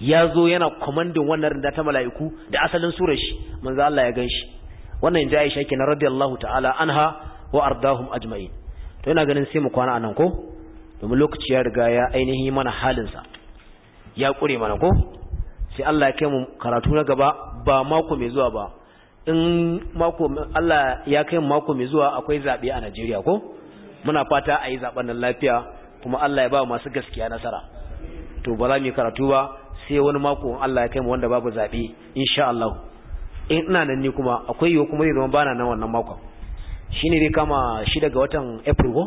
ya zo yana kwamandin wannan rinda ta mala'iku da asalin surar shi manzo Allah ya ganshi wannan inji Aisha kenan radiyallahu ta'ala anha wa ardahum ajma'in to ina ganin sai mu kwana anan ko domin lokaci ya riga ya ainihi mana halin sa ya kure mana ko sai Allah ya kai mu karatu na gaba ba mako mai zuwa ba in mako Allah ya kai mu mako mai zuwa akwai zabe a Najeriya ko muna fata a yi zaben nan lafiya kuma Allah ya ba masu gaskiya nasara to ba za mu karatu ba sai wani mako in Allah ya kai mu wanda babu zabe insha Allah in eh, ina nan ni kuma akwai yiwu kuma zama bana nan wannan mako shine dai kama shi daga watan April ko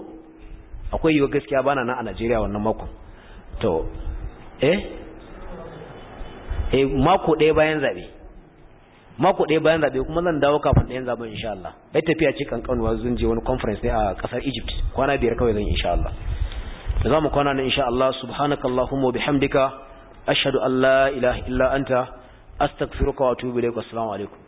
akwai yiwu gaskiya bana nan a Najeriya wannan mako to eh eh mako ɗaya bayan zabe mako ɗaya bayan zabe kuma zan dawo kafin ɗayan zaɓe, insha Allah ai tafiya ce kankanuwa zan je wani conference ne a kasar Egypt kwana biyar kawai zan insha Allah da zamu kwana nan insha Allah subhanakallahumma wa bihamdika ashhadu an la ilaha illa anta astaghfiruka wa atubu ilaik assalamu alaikum